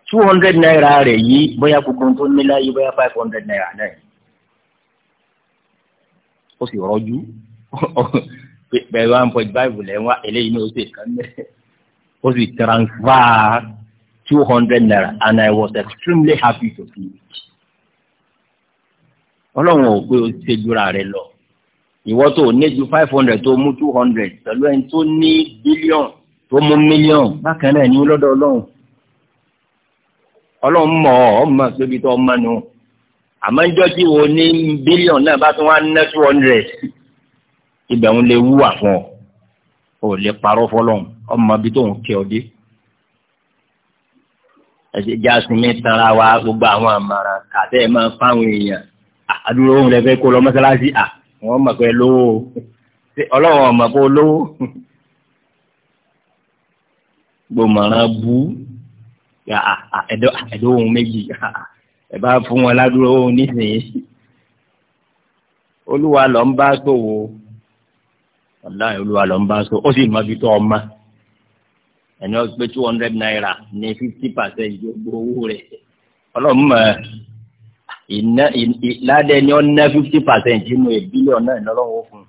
two hundred naira rẹ̀ yìí bóyá gbogbo tó ní láyé bóyá five hundred naira náà ó sì rọ́jú pẹ̀lú one point five lẹ́ wá eléyìí ní oṣù kan mẹ́rin ó sì transfer two hundred naira and I was extremely happy to see it. ọlọ́run ò pé o ṣe jura rẹ lọ ìwọ tó ní ju five hundred tó mú two hundred pẹ̀lú ẹni tó ní bílíọ̀n tó mú mílíọ̀n bákan náà ní lọ́dọ̀ ọlọ́run ọlọ́run mọ̀ ọ́ mọ̀ síbi tó ọmọ nu àmọ́ njọ́ tí wo ní bílíọ̀n náà bá tún wá ná two hundred ibẹ̀ ń lè wúwà fún ọ ò lè parọ́ fọlọ́run ọmọ bí tó ń kẹ́ ọ dé ẹsẹ jásùnmí tanra wa gbogbo àwọn àmàrà kàtẹ́ máa fáwọn èèyàn àdúró òun lẹ́fẹ́ kó lọ mọ́sálásí à wọ́n mọ̀ pé lówó ọlọ́wọ́n mọ̀ pé lówó gbòmọ̀ràn bú ẹ̀dọ́ ohun méjì ẹ̀ bá fún wọn ládùúgbò ohun nísìnyí olúwa lọ ń bá sòwò ọláyìn olúwa lọ ń bá sòwò ó sì mọ ibi tó ọmọ ẹni ó gbé two hundred naira ní fifty percent yóò gbowó rẹ̀ ọlọ́mọ ìná ìládẹ ni ó ná fifty percent nínú ìbílíọ̀n náà lọ́wọ́ fún un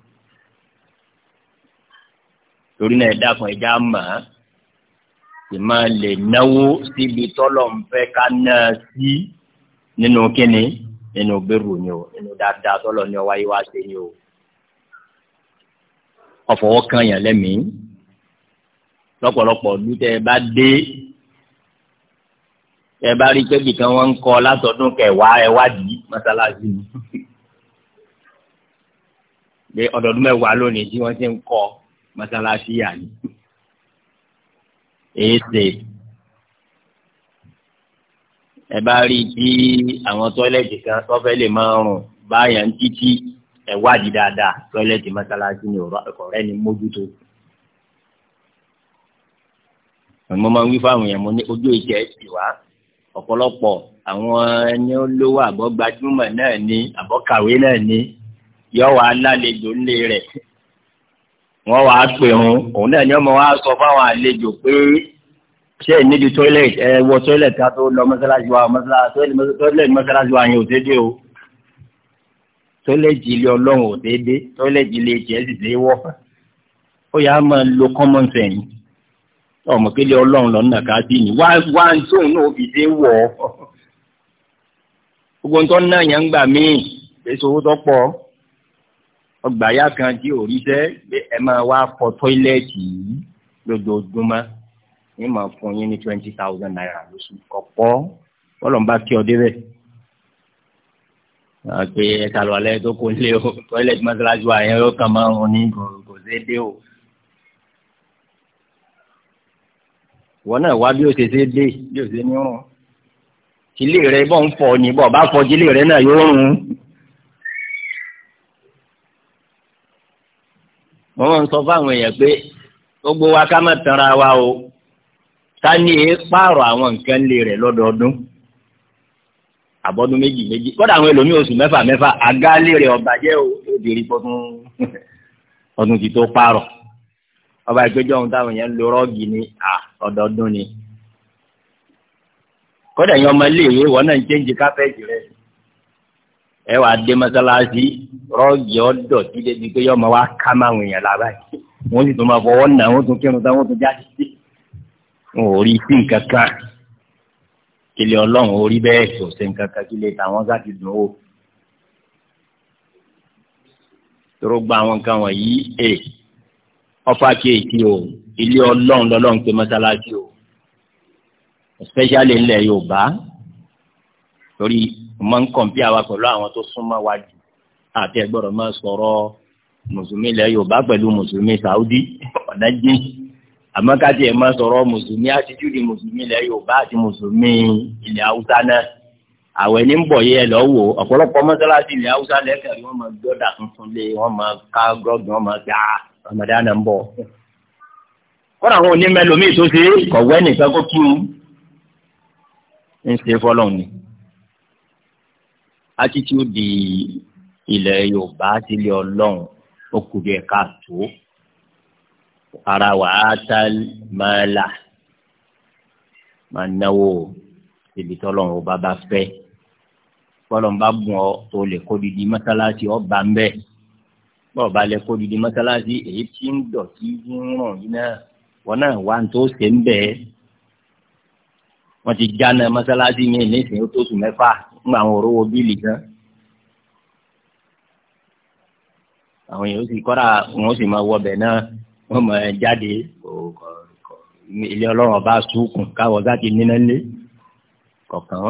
torí náà ẹ̀dá kan ẹ̀já mọ̀ á sì máa lè náwó síbi tọ́lọ̀ ń fẹ́ ká náà sí nínú kíni nínú bẹ́rù ni o nínú dáadáa tọ́lọ̀ ni ọwá yìí wá sí ni o ọ̀fọ̀wọ́ kan yàn lẹ́mìí lọ́pọ̀lọpọ̀ ọdún tẹ́ ẹ bá dé ẹ bá rí pé bìkan wọn ń kọ látọdún kẹwàá ẹwádìí mọ́sálásí ni pé ọdọọdún mẹ́wàá lónìí tí wọ́n ti ń kọ mọ́sálásí yà ni èsè ẹ bá rí bí àwọn tọ́lẹ̀tì kan sọ́fẹ́ lè máa rùn báyà ń títí ẹ̀wádìí dáadáa tọ́lẹ̀tì mọ́sálásí ni ọ̀rẹ́ ni mójútó. àmọ́ máa ń wí fáwọn èèyàn mo ní ojú ìjẹ́ ti ọ̀pọ̀lọpọ̀ àwọn ẹni olówó àbọ̀ gbajúmọ̀ náà ní àbọ̀kàwé náà ní yọ wàá lálejò ńlé rẹ̀ wọ́n wàá pè wọn òun náà ni ọmọ wa sọ fáwọn àlejò pé ṣé ẹ níbi toilet ẹ wọ toilet ká tó lọ mọ́sálásí wa toilet mọ́sálásí wa yẹn ò dédé o toilet ilé ọlọ́run ò dédé toilet ilé tiẹ̀ sì dé wọ́ ó yà á máa lo common sense ọmọ kele ọlọ́run lọ́nà ká dín ni. wá wá tóun náà fi dé wọ̀ ọ́ gbogbo nǹkan náà yẹn ń gbà míì èso owó tó pọ̀ ọgbà ya kan tí ò rí sẹ́ ẹ máa wá fọ tọ́ílẹ̀tì yìí lójoojúmọ́ ní màá fún yín ní twenty thousand naira lóṣù kọ̀pọ̀ bọ́lọ̀ ń bá kí ọ débẹ̀ àgbẹ̀ ẹ̀ka lọ́lẹ́ tó kó lé o tọ́ílẹ̀tì mọ́tàlájú àyẹ̀wò kan máa ń ní kò o. wọn náà wá bí ó ṣe ṣe dé bí ó ṣe ní rùn ilé rẹ bọ́ ń fọ ni bọ́ bá fọ ilé rẹ náà yóò rùn. wọ́n máa ń sọ fáwọn èèyàn pé gbogbo wa ká má tanra wa o ká ní e pààrọ̀ àwọn nǹkan lè rẹ̀ lọ́dọọdún àbọ̀dún méjì méjì kọ́dà àwọn ẹlòmíì oṣù mẹ́fà mẹ́fà àgá rẹ̀ ọ̀bàjẹ́ o ó di rí bọ́dún ọdún ti tó pààrọ̀ ọba ìgbẹ́jọ́ ohun táwọn èèyàn lo rọ́ọ̀gì ni à ọ̀dọ́ọdún ni kódà yẹn ọmọ iléèwé wọn náà ń chẹ́ǹjì kápẹ́ẹ̀tì rẹ̀ ẹ wà á dé mọ́sálásí rọ́ọ̀gì ọ̀dọ̀ tí débi pé yọmọ wa ká máwọn èèyàn lára yìí wọ́n sì tún máa fọwọ́ nà wọ́n tún kírun táwọn tún jáde sí wọn ò rí sí nǹkan kan kílé ọlọ́run ò rí bẹ́ẹ̀ kò sí nǹkan kan kílé táwọn sáti dùn ó. tó àwọn nǹkan wọ̀nyí èè. Eh, ọfà kéèké o ilé ọlọ́run lọ́lọ́run pé mọ́sálásí o especially ńlẹ̀ yorùbá torí mo ń kàn bí àwa pẹ̀lú àwọn tó súnmọ́ wa jù àti ẹgbọ́dọ̀ máa sọ̀rọ̀ mùsùlùmí ilẹ̀ yorùbá pẹ̀lú mùsùlùmí saudi ọ̀dájú àmọ́ kájí ẹ̀ máa sọ̀rọ̀ mùsùlùmí attitude mùsùlùmí ilẹ̀ yorùbá àti mùsùlùmí ilẹ̀ haúsá náà àwẹ̀ ní bọ̀ yẹ lọ wò ọ̀pọ̀lọpọ̀ mọ́sálásí ilẹ̀ haúsá lẹ́kẹ̀ẹ́ wọ́n máa gbọ́dà tuntun lé wọ́n máa ká gọ́ọ̀gì wọ́n máa gbà á ah, ramadana ń bọ̀ kọ́ra àwọn onímọ̀ tó ṣe kọ̀wé nìkan kó kí n ń ṣe fọlọ́n ni attitude ilẹ̀ yorùbá ti lé ọlọ́run ó kù bí ẹ̀ka tó ara wàá tá máa là máa náwó ibi tọ́lọ́run bá bá fẹ́ fọlọ́n bá bùn ọ tó lè kó didi mọ́sálásí ọba ń bẹ́ẹ̀ bọ́ọ̀ bá lẹ kó didi mọ́sálásí èyí tí ń dọ̀tí ń ràn yín náà wọn náà wá tó ṣe ń bẹ́ẹ̀ wọ́n ti jáná mọ́sálásí mi nísìnyí ó tó oṣù mẹ́fà ńgbà àwọn òróró bíìlì kan. àwọn èèyàn sì kọ́ra wọn sì máa wọbẹ̀ náà wọ́n máa jáde ilé ọlọ́run ọba sùkùn káwọ́ sáti níná lé kọ̀ọ̀kan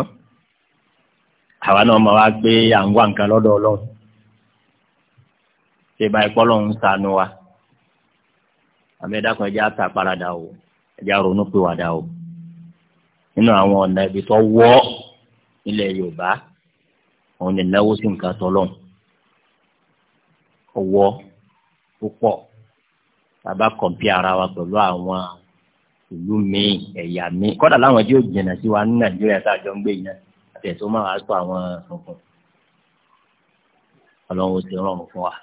àwa náà máa wá gbé à nǹkan lọ́dọ̀ ọlọ́run ṣe báyìí pọ́lọ́ ń sànú wa àmì ẹ̀dàkùn ẹ̀jẹ̀ àtà parada o ẹ̀jẹ̀ àrònú pé wàdà o nínú àwọn ọ̀nà ibi tó wọ́ ilẹ̀ Yorùbá òun ni náwó sí nǹkan tọ́lọ́n ọwọ́ púpọ̀ bàbá kọ̀m̀pì ara wa pẹ̀lú àwọn ìlú míì ẹ̀yà míì kọ́dà láwọn tí ó jìnnà sí wa ní Nàìjíríà tá a jọ ń gbé yẹn àtẹ̀tọ́ máa wá sọ àwọn funfun ọlọ́run ó ti rọrùn fún wa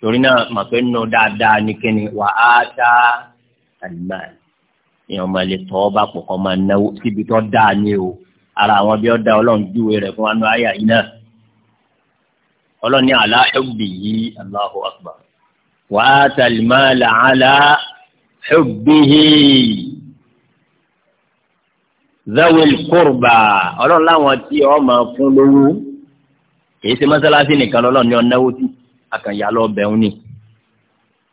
torí náà mà pé nù dáadáa ní kíni wà á ta àlùmá èèyàn máa lè tọ́ bá pọ̀ kọ́ máa náwó síbi tó dáa ní o ara àwọn bí ó da ọlọ́run júwe rẹ̀ fún anú àyà yìí náà ọlọ́run ní àlá ẹ̀bì yìí Allahu akbar wà á ta àlùmá làálà ẹ̀bìhì zawil kurba ọlọ́run láwọn tí ọ máa fún lówó èyí ṣe mọ́sálásí nìkan lọ́lọ́run ní ọ náwó tí akànyà lọ bẹ̀rù ni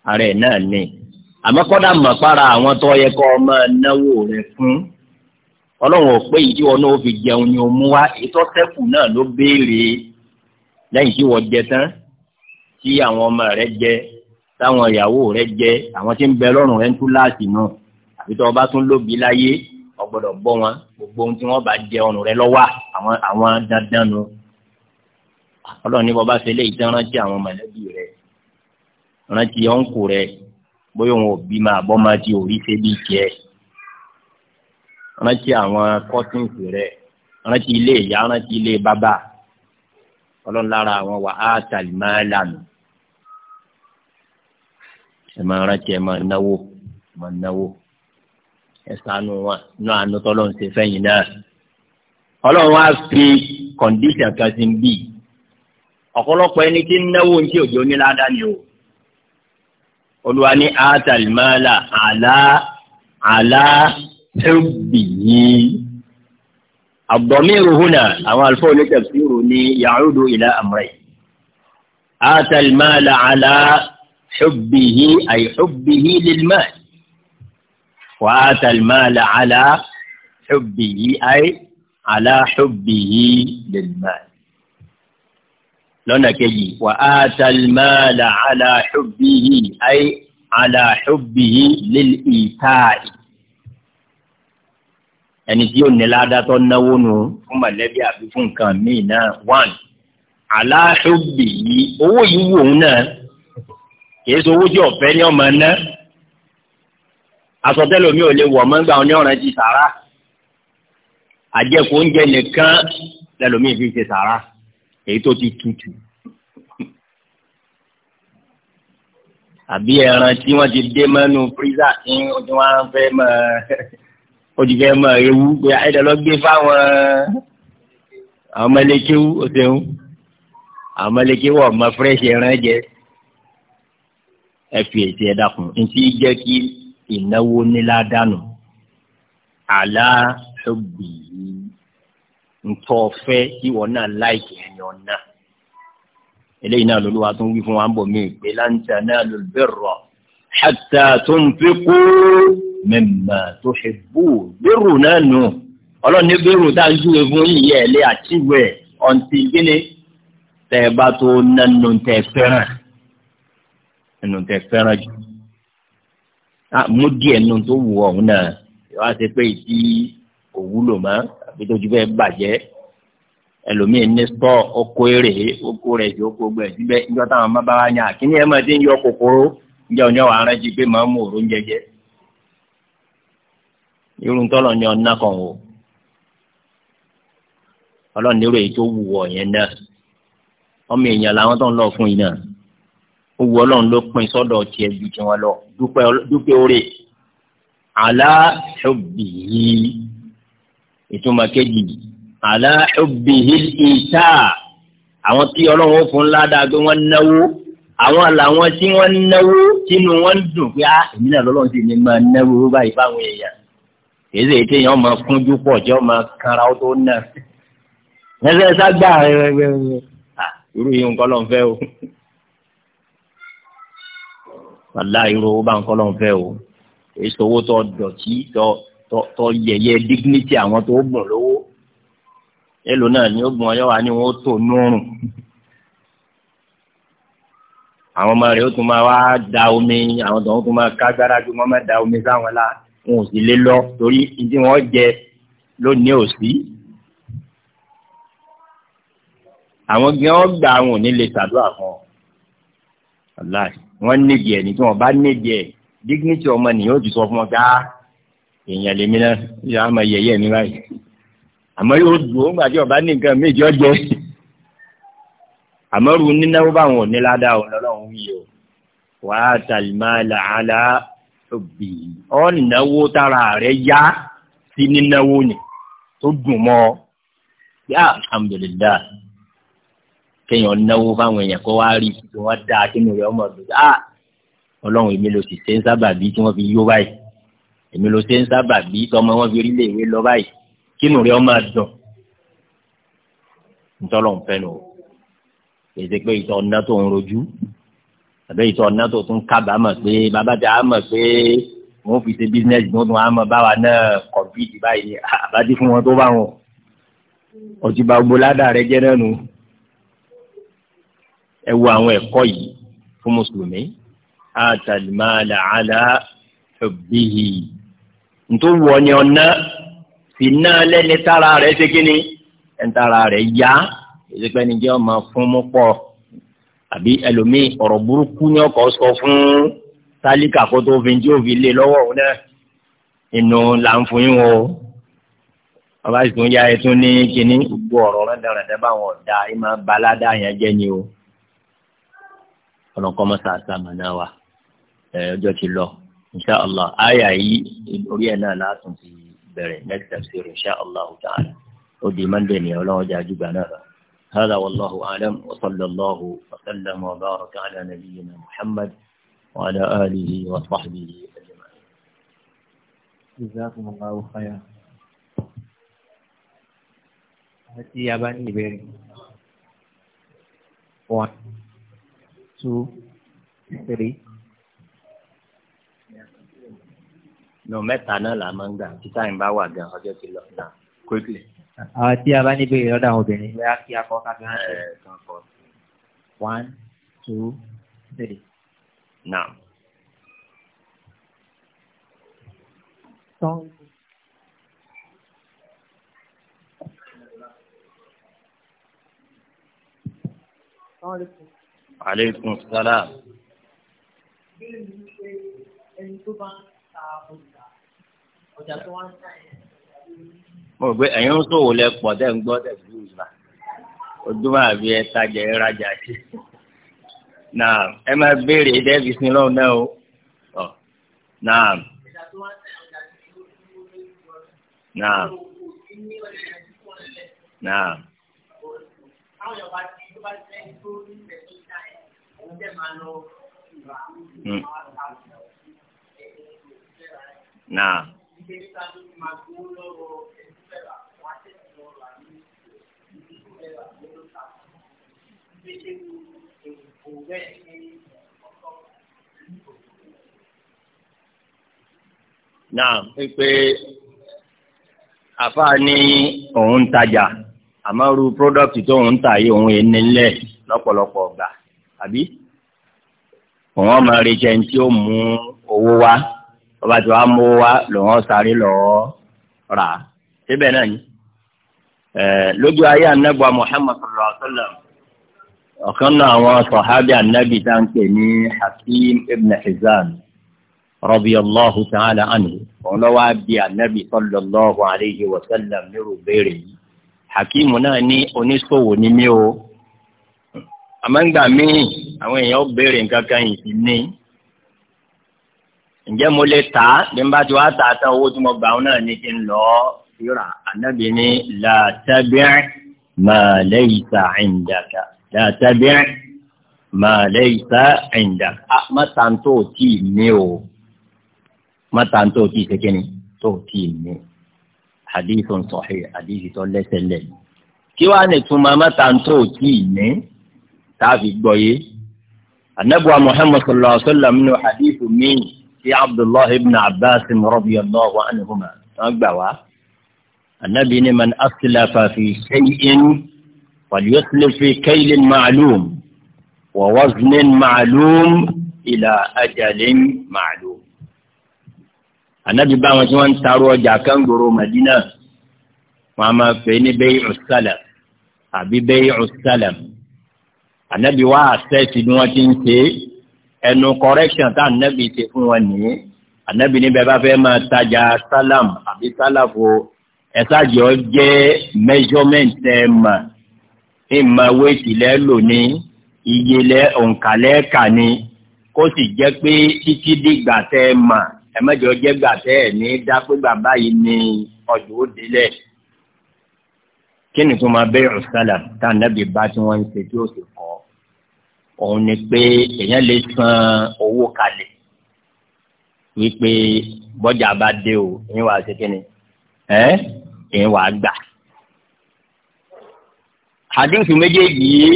ara ẹ̀ náà ni àmọ́ kọ́dà mọ̀ para àwọn tó yẹ kọ́ ọmọ náwó rẹ̀ fún ọlọ́run ò pé ìdí wọn náà ó fi jẹun ni ó mú wá ètò sẹ́kù náà ló béèrè lẹ́yìn tí wọ́n jẹ tán tí àwọn ọmọ rẹ̀ jẹ táwọn ìyàwó rẹ̀ jẹ àwọn tí ń bẹ lọ́rùn rẹ̀ ń tú láàsì náà àbí tó o bá tún lóbi láyé ọgbọ́dọ̀ bọ́ wọn gbogbo ohun tí wọ́n bá jẹ ọrùn rẹ̀ lọ́wọ́ àwọn àwọn dandan nu. No ọlọ́run ní bọ́ba ṣe léyìí tán àwọn mọ̀lẹ́bí rẹ rántí ọ̀nkù rẹ bóyá òun òbí máa bọ́ máa ti òrí ṣe jẹ́ rántí àwọn kọ́tíǹsì rẹ rántí ilé ìyá rántí ilé bàbá ọlọ́run lára àwọn wà á tàlí máa lànà ẹ máa rántí ẹ máa náwó ẹ máa náwó ẹ sànù wọn inú àánú tọ́lọ́run ṣe fẹ́yìn náà ọlọ́run wá fi kọ̀ǹdíṣàn kan sí bíi ọ̀pọ̀lọpọ̀ ẹni tí ń náwó ní tí òjò níláda ni o olùwà ní àtàlímọ́lá àlá àlá tẹ́bì yìí àbọ̀mírù húnà àwọn àlùfáà onítẹ̀síwò ní yàrúdù ìlà àmúrẹ̀ àtàlímọ́lá àlá tẹ́bì yìí àìtẹ́bì yìí lílmọ́ wà àtàlímọ́lá àlá tẹ́bì yìí àì àlá tẹ́bì yìí lílmọ́ lọ́nà kejì wà á talmala ala hubbihi ay ala hubbihi lil ita'i ẹni tí ó nílá dátọ́ náwó nù fún mọ̀lẹ́bí àbí fún nǹkan míì náà one ala hubbihi owó yìí wò ó náà kìí sọ owó tí ọ̀fẹ́ ní ọmọ ná asọtẹ́lómi ò lè wọ̀ mọ́ngbà ọ ní ọ̀ràn ti sàrà àjẹkù oúnjẹ nìkan lẹ́lómi fi ṣe sàrà èyí tó ti tutù àbí ẹran tí wọ́n ti dé mọ́nú pírísà tí wọ́n fẹ́ mọ́ ó ti fẹ́ mọ́ ewu pé ẹ̀dá lọ gbé fáwọn àwọn mọ́lẹ́kẹ́wù ó ṣeun àwọn mọ́lẹ́kẹ́wù ọmọ fúrẹ́ṣì ẹran jẹ ẹ fi èsì ẹ dákun ntí jẹ́ kí ìnáwó nílá dànù àlá ẹgbìí ntọ́ fẹ́ ìwọ náà láìkì ẹni ọ̀nà eléyìí náà lóluwà tó ń wí na wa ń bọ̀ mí pé láǹtà náà ló bẹ̀rọ̀ hatta tunfiqu mimma tuhibbu bẹ̀rù náà nù ọlọ́ni bẹ̀rù tá a júwe fún yìí ẹ̀ lé àtìwẹ̀ ọ̀ǹtì gíní tẹ̀ bá tó nánú tẹ̀ fẹ́ràn nínú tẹ̀ fẹ́ràn jù ah, mú díẹ̀ nínú tó wù ọ̀hún náà wá sí pé ìdí òwúlò máa ìtòjú bẹ́ẹ̀ bàjẹ́ ẹlòmíì ní sọ oko èrè oko rẹ̀ sí oko gbẹ̀ síbẹ̀ níjọ́ táwọn bá bá wá ní àkíní ẹ̀ máa ti ń yọ kòkòrò níjọ́ òní ọ̀wà aránsì pé màá mú òró ń jẹjẹ irú tọ́lọ̀ ní ọ̀nà kan o ọlọ́run nírò èyí tó wù ọ́ yẹn náà ọmọ èèyàn làwọn tó ń lọ fún yìí náà ó wù ọlọ́run ló pin sọ́dọ̀ tiẹ̀ ju tiwọn lọ dúpẹ́ oore àlá ṣọ́bì yìí ìtumọ̀ kejì àlá òbíhìl ìta àwọn tí ọlọ́run ó fún ládàá pé wọ́n náwó àwọn làwọn tí wọ́n náwó tínú wọn ń dùn pé ah, èmi náà lọ́lọ́run sì ní máa náwó báyìí báwọn èèyàn kìí ṣe ètò èèyàn máa kúnjú pọ̀ jẹ́ ọmọ kanra ó tó náà ẹsẹ̀ ságbà rẹ̀rẹ̀rẹ̀ ah, irú yìí nǹkan lọ́n fẹ́ o wàlá irú owó bá nǹkan lọ́n fẹ́ o èyí sọ owó tó dọ̀tí tọ yẹyẹ dignity àwọn tó gbọ̀n lówó èlò náà ni ó gbọ̀n ọyọ́ wa ni wọ́n tò nùrùn àwọn ọmọ rẹ̀ ó tún máa wá da omi àwọn tó ń tún máa ká gbára ju wọ́n máa da omi sáwọn la wọn ò sì lé lọ torí ibi wọ́n jẹ lónìí ò sí. àwọn gbé wọn gbà àwọn ò ní lè ṣàdúrà fún ọ wọn nídìí ẹ ní tí wọn bá nídìí ẹ dignity ọmọ nìyẹn ó ti sọ fún ọ gáà èèyàn lèmi náà yà á máa yẹ̀yẹ́ mi báyìí àmọ́ yóò dùn ó gbàdí ọba ní nǹkan méjì ọjọ́ àmọ́ ru nínáwó báwọn ò ní ládàá ò lọ́lọ́run wí o wàá tàlímà làálà òbí ọ̀nàwó tára rẹ̀ yá sí nínáwó ni tó dùn mọ́ ọ yá alhamdulilayi kéèyàn náwó fáwọn èèyàn kó wá rí kí wọ́n dáa kí ni ìyá ọmọ ọdún ọlọ́run èmi ló sì ṣe ń sábà bí tí wọ́n fi yó báyìí èmi ló ṣe ń sábà bí tọmọ wọn fi rílé ìwé lọ báyìí kínú rẹ ọmọ dùn ntọ́lọ̀ ń fẹ́ nù o èdè pé ìtọ̀ ọ̀nà tó ń rojú àbẹ́ ìtọ̀ ọ̀nà tó tún kábàámọ̀ pé bàbá tí a mọ̀ pé wọ́n fi ṣe bísíǹnẹ́sì tó tún a báwa náà kọ̀m̀pìtì báyìí ah, àbájí fún wọn tó bá wọn ọtí bá gbó ládàá rẹ jẹ́ náà nù ẹ wo àwọn ẹ̀kọ́ yìí fún mùsùlùmí àtàlùmáàlà àlà hubbihi nítorí wọ ni ọ̀nà fìnnà lẹ́ni tára rẹ̀ ṣe kí ni ẹ̀ntara rẹ̀ yá ìdíkpẹ́ ni jẹ́ ọmọ fún mú pọ̀ àbí ẹlòmíì ọ̀rọ̀ burúkú ni ọkọ̀ sọ fún tálíkà kó tó fi tí ó fi lé lọ́wọ́ òun náà inú là ń fún yín o bàbá sì tún yá ẹ tún ní kíní gbogbo ọ̀rọ̀ rẹ́dẹ̀rẹ́dẹ́ báwọn ọ̀dà ẹ máa balada yẹn jẹ́ ni o ọ̀nà kọ́mọ́sá sàmánà wa ẹ̀ ọjọ́ ti lọ. إن شاء الله آية هي انا لا لازم في بره نكتب إن شاء الله تعالى ودي من دنيا ولا جاجب هذا والله أعلم وصلى الله وسلم وبارك على نبينا محمد وعلى آله وصحبه أجمعين جزاكم الله خيرا هاتي يا بني بيري 1 2 3 nù mẹ́ta náà là máa ń gbà tí táyìn bá wà gan ọjọ́ ti lọ náà quickly. àwọn tí a bá ní bèrè lọ́dọ̀ àwọn obìnrin bóyá kí a kọ́ ká fi ránṣẹ́. one two three. now. song. Aleykum salaam mo gbé ẹ̀yin ń sòwò lẹ pọ̀ dẹ́ ń gbọ́ dẹ́ ń gbọ́ ìgbà ojúmọ́ àbí ẹ tajà ẹ rajà sí náà ẹ máa béèrè dẹ́bi sin lọ́wọ́ náà o ọ̀ náà náà náà. Náà náà pípé àfáà ní òun ń tajà àmọ́ irú pírọ́dọ̀tì tó ń tà yìí òun èèní ńlẹ̀ lọ́pọ̀lọpọ̀ ọ̀gbà àbí òun ọmọ rẹ̀ jẹ́ ní ó mú owó wá ọba tí wàá mú wa lòun sáré lọ́ọ́ rà á síbẹ̀ náà ni. lójú ayé anábọ̀ Muhammad sallallahu alaihi wa sallam ọ̀kan náà àwọn sọ̀hábì anábì tá à ń pè ní Hakim ibn Hizam radiyallahu ta'ala anhu òun lọ́wọ́ á bí anábì sallallahu alaihi wa sallam nírú béèrè yìí. Hakim náà ní oníṣòwò ní mí o àmọ́ ń gbà míì àwọn èèyàn béèrè nǹkan kan yìí sí ní ǹjẹ́ mo lè tà á bí n bá ti wá tà á tán owó tí mo gbà ọ́ náà ní kí n lọ síra ànábì ní la tabi' ma laysa 'indaka la tabi' ma laysa 'indaka ah, á mọ́tàntó tí ì ní o mọ́tàntó tí ì ṣe kí ni tó tí ì ní hadithun sahih hadithi kí wàá nìtúmọ̀ mọ́tàntó tí ì ní tá gbọ́ yé ànábì wa Muhammad sallallahu alaihi wa sallam ti abdullahi ibn abbas radiyallahu anhuma wọ́n gbà wá anabi ni man aslafa fi shay'in falyuslif fi kaylin ma'lum wa waznin ma'lum ila ajalin ma'lum anabi bá wọn tí wọ́n ń taaró ọjà kan gbòòrò madina wọ́n a máa pè ní bay'u salam àbí bay'u salam anabi wá àṣẹ ti ni wọ́n ti ń ṣe ẹnu correction tá ànábì ṣe fún wọn nìyí ànábì níbẹ̀ bá fẹ́ máa tajà sálàm àbí sálàfo ẹ̀sàjọ́ jẹ́ measurement ẹ̀ mà ìmọ̀ wéètì lẹ́ lò ní iye lẹ́ òǹkàlẹ́ kà ní kó sì jẹ́ pé títí dìgbà tẹ́ ẹ mà ẹ mẹ́jọ jẹ́ gbà tẹ́ ní dápégbà báyìí ní ọjọ́ òdìlẹ̀ kí ni tó máa bẹ́ẹ̀ ọ̀sálà tá ànábì bá tí wọ́n ń ṣe tí ó sì kọ́ òun ni pé èèyàn lè san owó kalẹ̀ wípé bọ́jà bá dé o èyí wàá ṣe kíni ẹ́ èyí wàá gbà. hadith méjèèjì yìí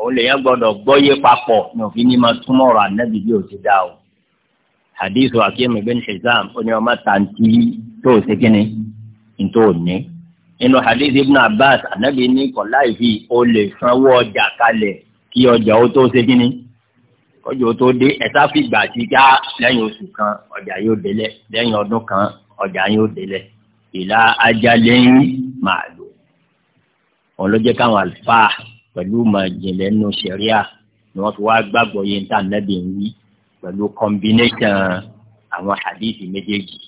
òun lèyàn gbọ́dọ̀ gbọ́yé papọ̀ ní òfin ní ma túmọ̀ ọ̀rọ̀ ànábì bí òsì dá o. hadith Hakim ibn Hizam ó ní ọmọ tàǹtí tó ṣe kíni ntó ní. inú hadith Ibn Abbas ànábì ní kọ̀ láì fi o lè sanwó ọjà kalẹ̀ kí ọjà ó tó ṣe kíni ọjà ó tó dé ẹ̀sà fìgbà tí ká lẹ́yìn oṣù kan ọjà yóò délẹ̀ lẹ́yìn ọdún kan ọjà yóò délẹ̀ ìlà ajá lẹ́yìn màálù òun ló jẹ́ káwọn àlùfáà pẹ̀lú màjìnlẹ̀ nù sẹ̀ríà ni wọ́n fi wá gbàgbọ́ yẹn tá nàbì ń wí pẹ̀lú kọ́mbínéṣàn àwọn hadithi méjèèjì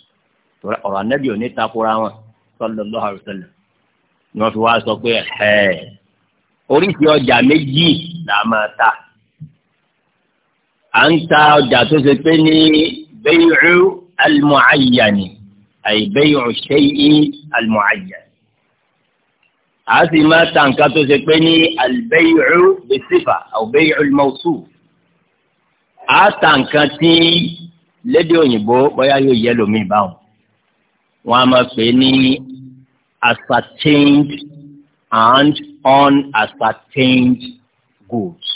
ọ̀rọ̀ ànábì ò ní takora wọn sallallahu alaihi wasallam ni wọ́n fi wá sọ pé ẹ̀ẹ́ oríṣi ọjà méjì là máa ta à ń ta ọjà tó ṣe pé ní bẹ́ẹ̀rù almuayyani àì bẹ́ẹ̀rù ṣẹ́yí almuayyani a sì máa ta nǹkan tó ṣe pé ní albẹ́ẹ̀rù bẹ́sífà àbẹ́ẹ̀rù mọ̀ọ́sù a ta nǹkan tí lédè òyìnbó bóyá yóò yẹ lómi báwọn wọn a máa pè ní ascertained and unascertained goods.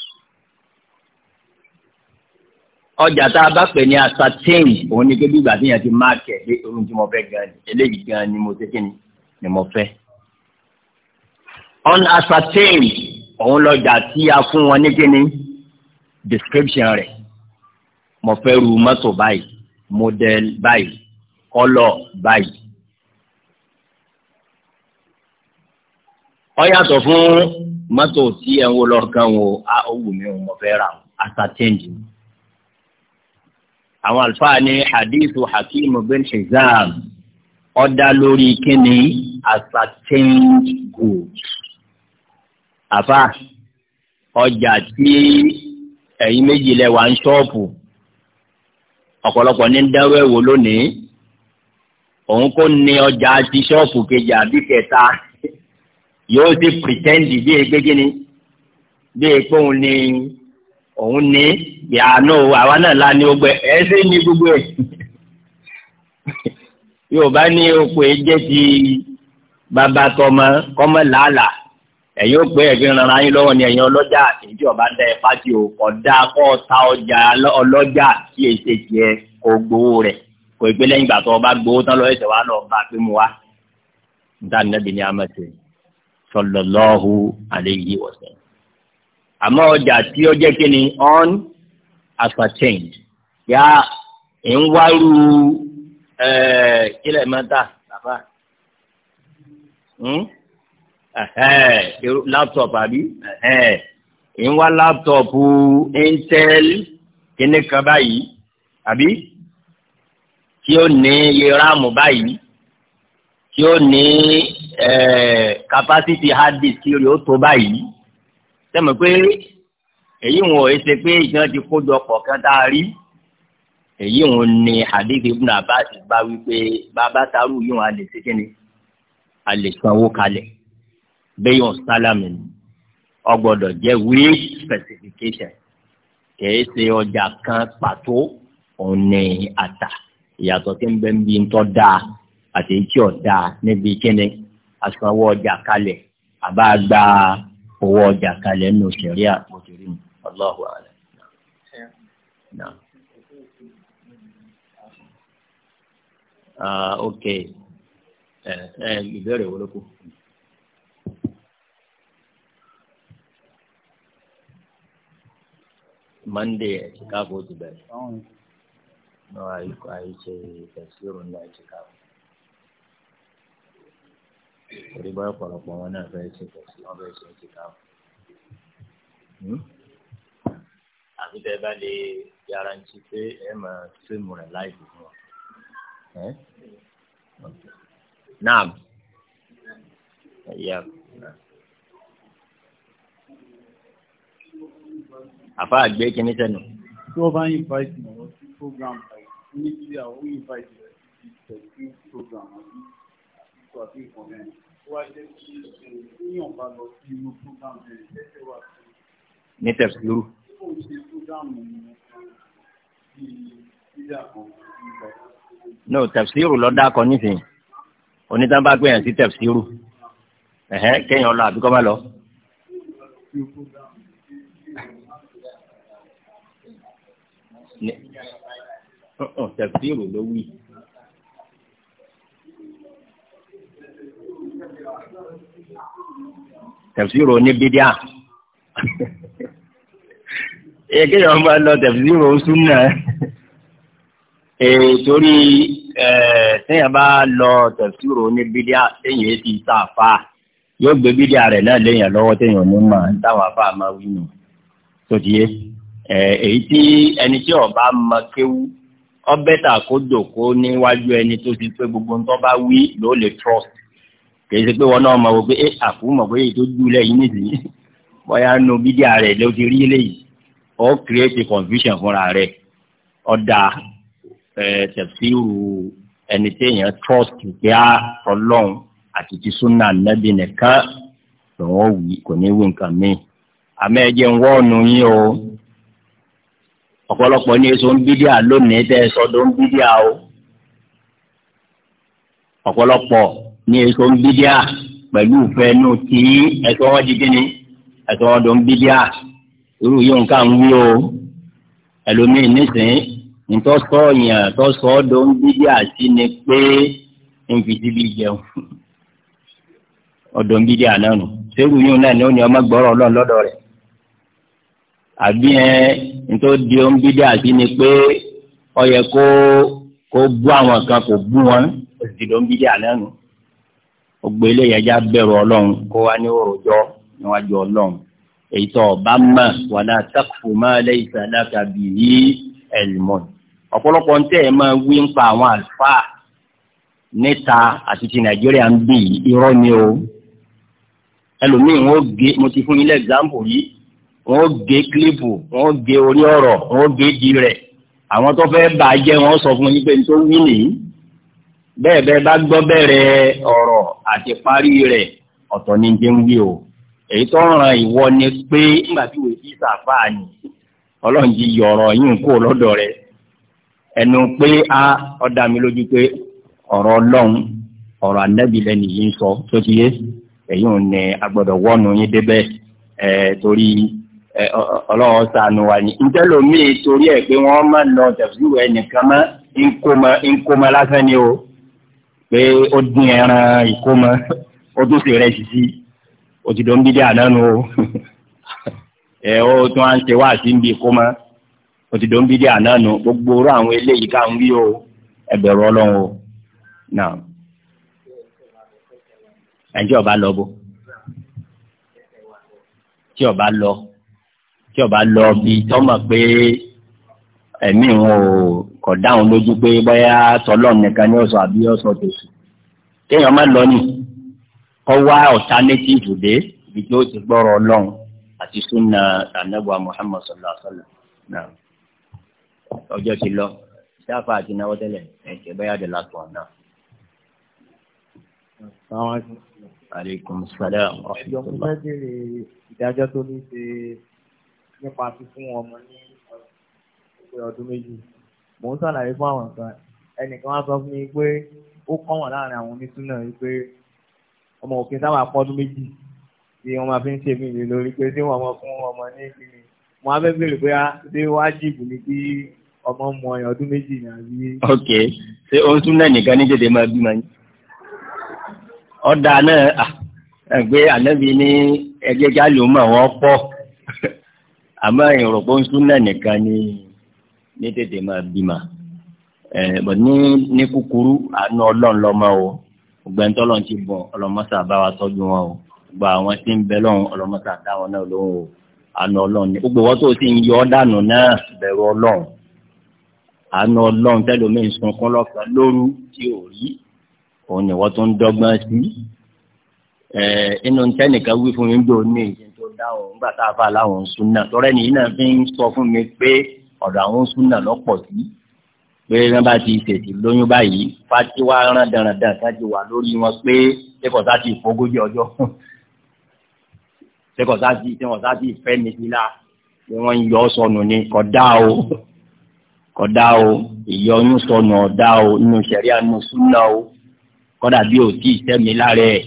ọjà tá a bá pè ní ascertained òun ni kébí ìgbà tí yẹn ti máàkì ẹ̀ ohun tí mo fẹ́ gan ni eléyìí gan ni mo ṣe kí ni mo fẹ́. unascertained òun lọ́jà tí a fún wọn ní kí ni description rẹ̀ mo fẹ́ ru mọ́tò báyìí model báyìí kọ́lọ̀ báyìí ọ yàtọ̀ fún mọ́tò tí ẹ̀ ń wo lọ́ọ̀kan wo a ó wù mí àwọn àlùfáà ní hadithu hakim bin hizam ó dá lórí kíni asatẹ́ǹd gold. àfa ọjà tí ẹ̀yin méjì lẹ́wà ń ṣọ́ọ̀pù ọ̀pọ̀lọpọ̀ ní dẹ́rù ẹ̀wò lónìí òun kò ní ọjà ti ṣọ́ọ̀pù kejì àbí kẹta yóò ti pìtẹ́ndì bí egbe gíní bí epo òun ni òun ní ìyànà àwa náà la ní ogbẹ ẹsẹ ní gbogbo ẹ yorùbá ní oko ẹjẹ ti bàbá tọmọ kọmọ làálà ẹ̀yin ó pé ẹ̀gbin rara yín lọ́wọ́ ni ẹ̀yin ọlọ́jà èyí ọba da ẹ pàtì o ọ̀dà kọ́ ta ọjà ọlọ́jà tí èsè tiẹ̀ kò gbowó rẹ̀ kò ìpínlẹ̀ yìí gbà tó ọba gbowó tán lọ́wọ́ ẹ̀sẹ̀ wa lọ́ọ́ bá a pé mu wa níta nínú ni a máa tẹ̀lé sallallahu alayhi wa sallam. àmọ́ ọjà tí ó jẹ́ kí ni on ascertained yá ń wárú eh, kílẹ̀ mẹ́ta bàbá hmm? laptop àbí ń wá laptop Intel kíní kan báyìí àbí tí ó ní iye ráàmù báyìí tí ó ní capacity hard disk rẹ̀ ó tó báyìí sẹ́mi pé èyí wọn ò ṣe pé ìjọba ti kójọ pọ̀ kán tá a rí èyí wọn ni hadith ibn abbas bá wípé bàbá taru yìí wọn a lè ṣe kí ni a lè sanwó kalẹ̀ bẹ́ẹ̀ yàn sálámì ni ó gbọ́dọ̀ jẹ́ wíì specification kìí ṣe ọjà kan pàtó òun ni àtà ìyàtọ̀ tí ń bẹ ń bí ń tọ́ dáa àti èyí tí ọ̀dà níbi kíni asanwó ọjà kalẹ̀ àbá gba owó ọjà kalẹ̀ nù sẹ̀rí àpòtìrí mu Allahu a'lam. Ah, ok eh, eh, ìbéèrè wo ló kù. Monday Chicago ti bẹ̀rẹ̀. No, àìṣe ìtẹ̀síwò ní Chicago torí bá ọ̀pọ̀lọpọ̀ wọn náà fẹ́ẹ́ ṣe pọ̀ sí wọn fẹ́ẹ́ ṣe ti ká hmm? àbí bẹ́ẹ̀ bá lè yaranti pé ẹ máa fíìmù rẹ̀ láì dùn wọn. naam ẹ̀yà àfa àgbẹ̀ kìíní sẹ́nu. tí wọ́n bá ń invite mi lọ sí program ní ti àwọn invite rẹ̀ sí ìtẹ̀sí program àbí sọ àti nǹkan rẹ̀ wá jẹ́ kí èèyàn bá lọ sí inú program rẹ̀ lẹ́sẹ̀ wá sí. ní tẹ̀sílúrú. ó ń ṣe program bíi ìdá kan nígbà. no tẹ̀sílúrú lọ dákọ nísìnyí onítàn bá gbẹ̀yàn sí tẹ̀sílúrú ẹ̀hẹ́ kéèyàn àbíkọ́ má lọ. Oh, oh, tẹ̀sílúrú ló wí. tẹ̀síìrò ní bídíà ẹ kéèyàn máa lọ tẹ̀síìrò súnà ẹ torí ẹ téèyàn bá lọ tẹ̀síìrò ní bídíà téèyàn ti sáfà yóò gbé bídíà rẹ̀ náà léèyàn lọ́wọ́ téèyàn ní mà ń táwọn afá máa wí nù tó ti yé ẹ èyí tí ẹni tí ọba máa kéwú ọbẹ̀ tà kó dòkó níwájú ẹni tó ti pé gbogbo ń tọ́ bá wí ló lè trust kìí ṣe pé wọn náà mọ wò pé àkú mọ pé èyí tó dùn lẹ́yìn nìyí bóyá nu bídíà rẹ ló ti rí léyìí ó create confusion fúnra rẹ ọ̀dà tẹ̀síwù ẹni téèyàn trust pé á ọlọ́run àti ti súnà nẹ́bí nìkan lọ́wọ́ wí kò ní wí nǹkan míì àmọ́ ẹ jẹ́ ń wọ́ọ̀nù yín o ọ̀pọ̀lọpọ̀ ní èso ń bídíà lónìí tẹ́ ẹ sọ́dọ̀ ń bídíà o ọ̀pọ̀lọpọ̀ ní èso ń bídíà pẹ̀lú ìfẹ́nu tí ẹ̀sọ́ wọn di kíni ẹ̀sọ́ wọn dùn bídíà irú yóò ń ká ń wí o ẹlòmíì nísìnyí nítọ́ sọ yàn tọ́ sọ ọ́ dùn bídíà sí ni pé ń fi síbi jẹun ọ̀dọ̀ ń bídíà náà nù sẹ́rù yóò náà ni ó ní ọmọ gbọ́rọ̀ ọlọ́run lọ́dọ̀ rẹ̀ àbí ẹ nítọ́ di ó ń bídíà sí ni pé ó yẹ kó kó bú àwọn kan kò bú wọn òsì dùn bídíà náà nù gbogbo eléyà já bẹ̀rù ọlọ́run kó wá ní òròjọ́ níwájú ọlọ́run èyí tó ọba mọ̀ wàlá takfu ma laysa laka bihi ilmun ọ̀pọ̀lọpọ̀ ń tẹ́ ẹ̀ máa wí ń pa àwọn àlùfáà níta àti ti nàìjíríà ń bì irọ́ ni o ẹlòmíì wọn ó gé mo ti fún yín lẹ́gàmpù yìí wọn ó gé kílípù wọn ó gé orí wọn ó gé di rẹ̀ àwọn tó fẹ́ bàjẹ́ wọn sọ fún yín pé nítorí wí nìyí bẹ́ẹ̀ bẹ́ẹ̀ bá gbọ́ bẹ̀rẹ̀ ọ̀rọ̀ àti parí rẹ̀ ọ̀tọ̀ ní jẹ́ ń gbé o èyí tó ràn ni pé nígbà tí wòye ní ọlọ́run ti yọ ọ̀rọ̀ yìí kó lọ́dọ̀ rẹ̀ ẹnu pé a ọ̀dà mi lójú pé ọ̀rọ̀ ọlọ́run ọ̀rọ̀ nìyí ń sọ ní wọ́nu yín débẹ̀ ẹ̀ torí ọlọ́run sànù pé ó dín ẹran ìkómọ ó tún sì rẹ sisi ń bí dé o ẹ ó tún à ń ṣe wáàsí ń bí ìkómọ òtítọ́ ń bí dé ànánu gbogbo orú àwọn eléyìí ká ń wí o ẹ Ọlọ́run o kò dáhùn lójú pé bóyá tọlọ́ọ̀ nìkan ní ọ̀sọ̀ àbí ọ̀sọ̀ tòṣù kéèyàn má lọ ní kọ́ wá alternative dé ibi tí ó ti gbọ́rọ̀ ọlọ́run àti súnà tànàbùà Muhammad sallallahu alaihi wasallam náà ọjọ́ ti lọ sáfà àti náwó tẹ́lẹ̀ ẹ̀jẹ̀ bóyá the last one náà. aleykum salaam wa rahmatulah. ìdájọ́ tó ní ṣe nípa fífún ọmọ ní ọdún méjì mò ń sàlàyé fún àwọn kan ẹnìkan wá sọ fún mi pé ó kọ́ wọn láàrin àwọn onísúná yìí pé ọmọ òkè sábà pọ́dún méjì tí wọ́n máa fi ń ṣe mí lè lórí pé tí wọ́n mọ fún ọmọ ní kíni mo á fẹ́ bèrè pé ṣé wájìbù ni kí ọmọ mọ ọyàn ọdún méjì ní àbí. ok ṣé o tún náà nìkan ní jẹjẹ máa bímọ yín ọ̀dà náà pé ànábi ní ẹgbẹ́ jálùmọ̀ wọn pọ̀ àmọ́ ìrọ̀pọ̀ ń tún náà nìkan ni ní tètè máa bímọ ẹ bọ ní ní kúkúrú àánú Ọlọ́run lọmọ o gbẹ̀ntọ́ lọ́n ti bọ̀ ọlọ́mọṣà bá wa tọ́jú wọn o gba àwọn tí ń bẹ lọ́hùn ọlọ́mọṣà dá náà lóhùn o àánú Ọlọ́run ni gbogbo wọn tó ti ń yọ ọ́ dànù náà bẹ̀rù Ọlọ́run àánú Ọlọ́run tẹ́lómìn sunkún lọ́kàn lóru tí ò rí òun ni wọ́n tún dọ́gbọ́n sí inú tẹnìkan wí fún mi ń dò ní ìṣẹ́ tó dáhùn nígbà tá a fà láwọn ń sun náà tọ́rẹ́ nìyí náà fi ń sọ fún mi pé ọ̀dọ̀ àwọn súnà lọ́pọ̀ sí pé wọ́n bá ti tètè lóyún báyìí fatiwa rán dandan ká wà lórí wọn pé ṣékọ̀ ti fógójì ọjọ́ ṣékọ̀ ti ṣékọ̀ ti fẹ́ mi sí la pé wọ́n yọ ọ́ sọnù ni kódà o kódà o ìyọyún sọnù ọ̀dà o inú ṣẹ̀ríà inú súnà o kódà bí o tí ì lára ẹ̀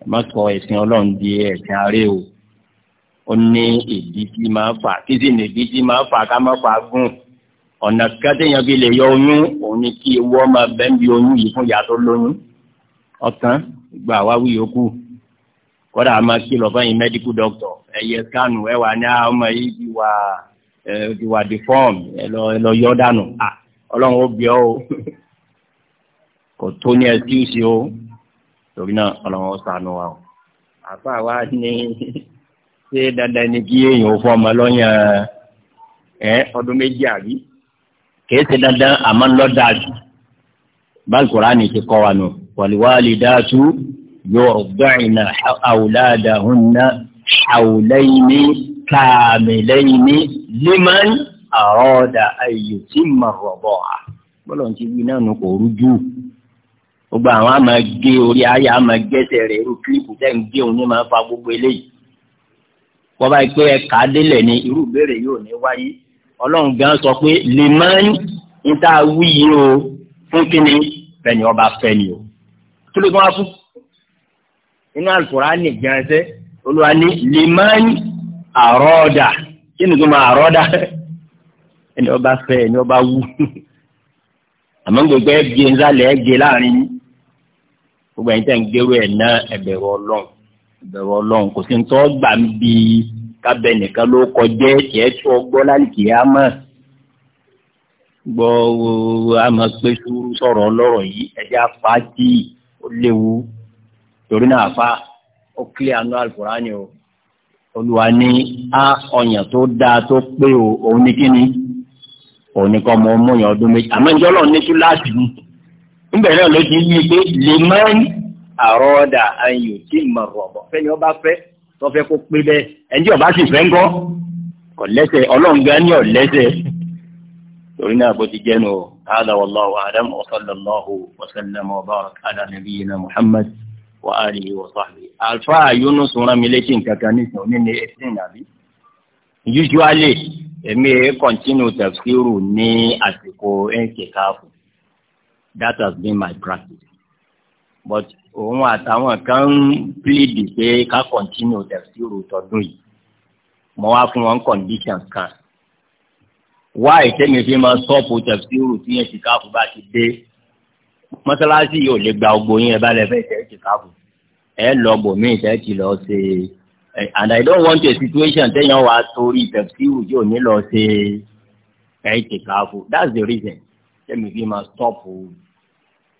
ẹ̀ má sọ ẹ̀sìn ọlọ́run di ẹ̀sìn àárẹ̀ o ó ní ìdí tí máa fà kí sì ní ìdí tí máa fà ká má fà gùn ọ̀nà kẹ́tẹ́yàn fi lè yọ oyún òun ni kí ewu ọmọ bẹ́ńbi oyún yìí fún ìyá lóyún ọ̀tán gba àwa wí yòókù kọ́dà máa kìlọ̀ fẹ́yìn medical doctor ẹ̀yẹ skanu ẹ̀ wà ní ah, ọmọ yìí ti wà ẹ̀ ti wà deform ẹ̀ lọ ẹ̀ lọ yọ dànù ọlọ́run ó bí ọ o kò tó ní ẹtí ó o torí náà ọlọ́run ó sànù wa o àfa wa ní ṣé dandan ni kí èèyàn fún ọmọ lọ́yàn ẹ ọdún méjì àbí kìí ṣe dandan àmọ́ ń lọ dáa jù báàlùkùránì ti kọ́ wa nù wàlúwàlídàtú yurdi'na awladahunna hawlayni kamilayni liman àrọ́ọ̀dà ayò tí mà rọ̀bọ̀ à bọ́lọ̀ ti wí náà nù kò rújú gbogbo àwọn àmà gé orí ayé àmà gẹ́sẹ̀ rẹ̀ irú kílípù tẹ́ ń gé òun ní máa fa gbogbo eléyìí wọ́n bá yìí pé ẹ̀ka délẹ̀ ni irú ìbéèrè yóò ní wáyé ọlọ́run gan sọ pé lè máa ń ń tá o fún kíni fẹ̀yìn ọba fẹ̀yìn o kí ló tún wá fún inú Al-Qur'ani gan ṣe olúwa ní lè máa ń àrọ́ọ̀dà kí ni tó máa àrọ́ọ̀dà ẹni ọba fẹ́ ẹni ọba wú àmọ́ gbogbo ẹ̀ gbé ńlá lẹ́ẹ̀ gbé láàrin gbogbo ẹ̀yin tẹ̀ ń gbérú ẹ̀ ná ẹ̀bẹ̀rù ọlọ́run bẹ̀rù ọlọ́run kò sí ní tọ́ gbà ń bi kábẹ́ nìkan ló kọjá tiẹ̀ tó gbọ́ lálùkì yá mọ̀ gbọ́ àmọ́ pé sùúrù sọ̀rọ̀ ọlọ́rọ̀ yìí ẹ̀jẹ̀ apá tí ó léwu torí náà fa ó kílẹ̀ àánú àlùkùránì o olùwà ní á ọ̀yàn tó dáa tó pé o òun ní kíni òun ní kọ́ ọmọ ọmọ yẹn ọdún méjì àmọ́ ìjọ́lọ́ ní túláàsì ní ń bẹ̀rẹ̀ ló ti yí pé lè mọ́ ẹ́ àrọ́ọ̀dà ayò tí ìmọ̀ rọ̀bọ̀ fẹ́ni ọba fẹ́ tọ́fẹ́ kó pé bẹ́ẹ̀ ẹni ọba sì fẹ́ ń gọ́ kò lẹ́sẹ̀ ní ọ̀lẹ́sẹ̀ torí náà bó ti jẹ́nu o hàdà adam wa sallallahu wa sallam wa barak muhammad wa alihi wa sahbihi. alfa yunus rán mi létí nǹkan ní sọ nínú ẹsìn àbí. usually èmi continue tafsiru ní àsìkò ẹ̀ǹkẹ̀káfù that has been my practice but òun àtàwọn kan ń bíléèdì pé ká kọ̀ntínú tẹ̀síìrù tọdún yìí mo wá fún wọn kọ̀ǹdíṣàn kan wá ìtẹ́mi fi máa sọ́ọ̀pù tẹ̀síìrù tí yẹn ti káàbù bá ti dé mọ́sálásí yóò lè gba ogbó yín bá lẹ fẹ́ ti káàbù ẹ lọ bòmíì tẹ̀ ti lọ ṣe and I don't want a situation tẹ́yàn wá torí tẹ̀síìrù yóò ní lọ ṣe ẹ̀ ti káàbù that's the reason tẹ́mi fi máa sọ́ọ̀pù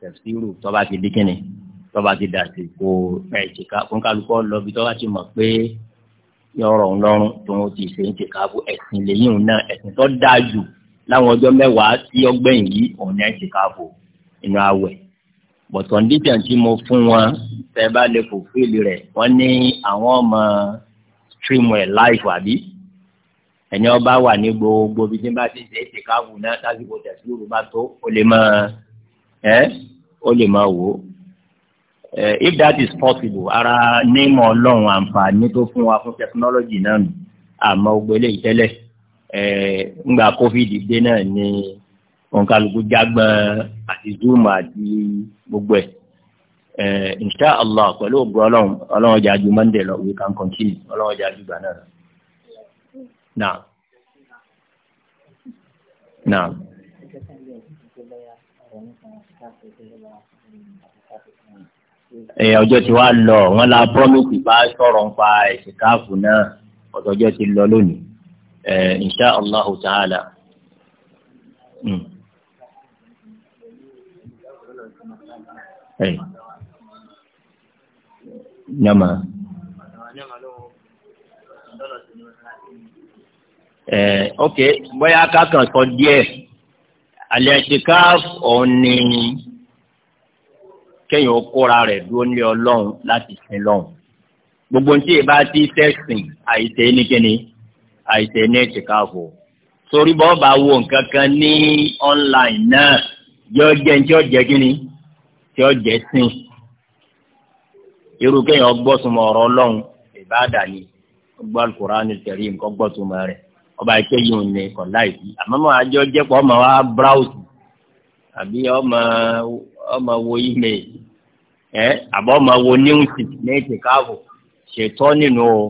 tẹ̀síìrù tó bá ti dé kíni tọ́ba ti dà sí kó ẹ̀ tìka fún kálukọ́ lọ bí tọ́ba ti mọ̀ pé yọrọ ńlọrun tó ń ti ṣe ń ti káàbù ẹ̀sìn lẹ́yìn náà ẹ̀sìn tó dáa jù láwọn ọjọ́ mẹ́wàá tí ọgbẹ̀yìn yìí òun ní ẹ̀sìn káàbù inú awẹ̀ bọ̀tọ̀ndídàn tí mo fún wọn tẹ bá lè fòfíìlì rẹ̀ wọ́n ní àwọn ọmọ streamu ẹ̀ láìfù àbí ẹni ọba wà ní gbogbo bí tí n bá ti ṣe ẹ̀sìn náà lásìkò tẹ̀síwòrán bá tó ó lè máa ẹ́ ó lè máa wò ó Uh, if that is possible ara name ọlọ́run àǹfààní tó fún wa fún technology náà nù àmọ́ ògbélé ìtẹ́lẹ̀ eh, ńgbà covid dé náà ni òǹkàlùkù jágbọ́n àti zoom àti gbogbo ẹ̀ eh, insha allah pẹ̀lú ògbó ọlọ́run ọlọ́run ọjà ju monday lọ we can continue ọlọ́run ọjà ju gbà lọ. now now. ọjọ́ ti wá lọ wọn la promise bá sọ̀rọ̀ nípa ẹ̀sìn káàfù náà ọ̀tọ̀jọ́ ti lọ lónìí insha allahu ta'ala. Hmm. nyama ok bóyá ká kàn sọ alẹ́ ṣe káàfù ọ̀nìyàn kéèyàn kóra rẹ̀ dúró nílé ọlọ́run láti sin lọ́run gbogbo ní tí ìbá ti tẹ̀sìn àìsè nìkíni àìsè ní chicago sórí bọ́ bá wo nǹkan kan ní online náà yóò jẹ́ ní tí ó jẹ́ kíni tí ó jẹ́ sìn irú kéèyàn gbọ́sùnmọ̀ ọ̀rọ̀ ọlọ́run ìbáàdà ni gbọ́ alukur'an tẹ̀lé nǹkan gbọ́sùnmọ̀ rẹ̀ ọba ìpè yìí ní kọ̀ láìsí àmọ́ mọ́ àjọ jẹ́pọ̀ ọmọ wa browse àbí ọmọ ọmọ wo email ẹ àbọ̀ ọmọ wo níwùsì ní ìtìkáàbò ṣètọ́ nínú o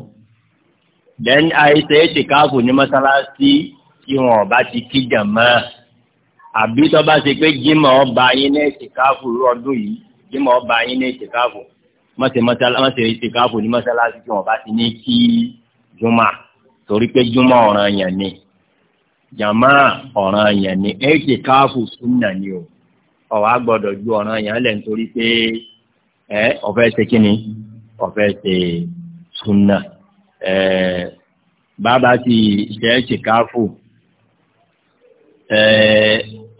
then àìsè ìtìkáàbò ní mọ́sálásí tí wọn ọba ti kíjà mọ́ àbí tó bá ṣe pé jímọ̀ ọba yín ní ìtìkáàbò lọ́dún yìí jímọ̀ ọba yín ní ìtìkáàbò mọ́sẹ̀ ìtìkáàbò ní mọ́sálásí tí wọn ọba ti ní kí jùmọ̀ torí pé jùmọ̀ ọ̀ràn yẹn ni jàmá ọ̀ràn yẹn ni ẹ̀ẹ́tì káàfù súnà ni o ọ̀wá gbọ́dọ̀ ju ọ̀ràn yẹn lẹ̀ nítorí pé ẹ ọ̀fẹ́ ṣe kínni ọ̀fẹ́ ṣe sunna ẹ bàbá ti ṣe ṣìkáfù ẹ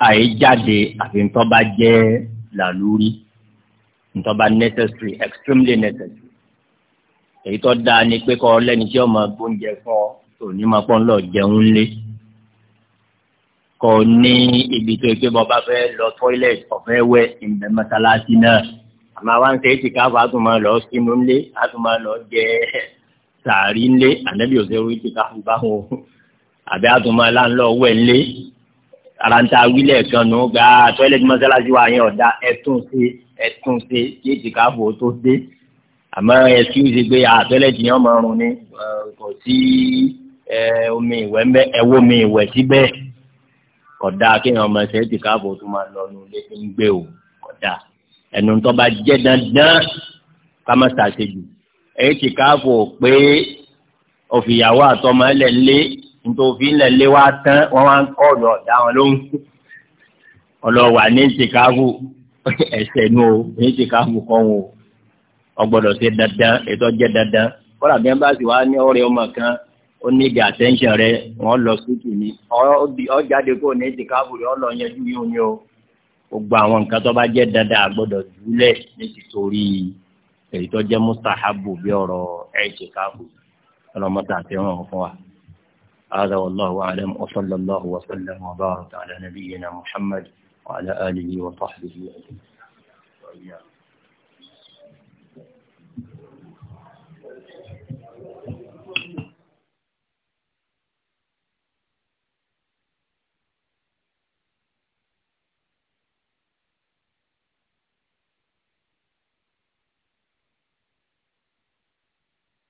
àìjáde àfi ntọ́ jẹ́ làlúrí ntọ́ necessary extremely necessary èyí tó dáa ni pé kọ́ lẹ́ni tí ọmọ gbóúnjẹ fún ọ tòun ní ma pọ́n lọ jẹun lé kò ní ibi tó gbé bọ́ bá fẹ́ lọ tọ́ílẹ̀tì ọ̀fẹ́ wẹ̀ ìbẹ̀ mọ́sálásí náà àmọ́ wá ń ṣe é ti ká fà á tún máa lọ sínú ńlé á tún máa lọ jẹ sàárì ńlé ànábì òṣèré ti ká fún báwọn o àbí á tún máa láńlọ wẹ̀ ńlé ara ń ta wílẹ̀ kan nù gba tọ́ílẹ̀tì mọ́sálásí wa yẹn ọ̀dà ẹ̀tún ṣe ẹ̀tún ṣe kí ètì ká fò tó dé àmọ́ ẹ̀sìwìsì pé àtọ́ílẹ̀tì yẹn máa rùn ni kò sí omi ìwẹ̀ kódà kéèyàn ọmọ ẹsẹ̀ ti káàbò tó máa lọ nu ilé tó ń gbé o kódà ẹnu tó bá jẹ́ dandan ká má ṣàṣejù èyí ti káàbò pé òfìyàwó àtọmọ ẹlẹ ńlé nítorí ńlẹ ńlé wá tán wọn wá ń kọ ọdọ ọdá wọn lóhùn ọlọwà ní ti káàbò ẹsẹ̀ nu o ní ti káàbò kọ́ wọn o ọgbọ́dọ̀ ṣe dandan ètò jẹ́ dandan kọ́lá bí wọ́n bá sì wá ní ọ̀rẹ́ ọmọ kan ó ní ìdí àtẹ́ńṣẹ̀ rẹ wọ́n lọ sókè ní ọ̀jáde kó ní ìdíkàbù rẹ ọ̀lọ́ yẹjú yóò ní o gbogbo àwọn nǹkan tó bá jẹ́ dandan àgbọ́dọ̀ jùlẹ̀ ní títorí èyí tó jẹ́ mustahabu bí ọ̀rọ̀ ẹ̀ẹ́díkàbù ọlọ́mọta àtẹ̀wọ̀n fún wa. هذا والله أعلم وصلى الله وسلم وبارك على نبينا محمد وعلى آله وصحبه أجمعين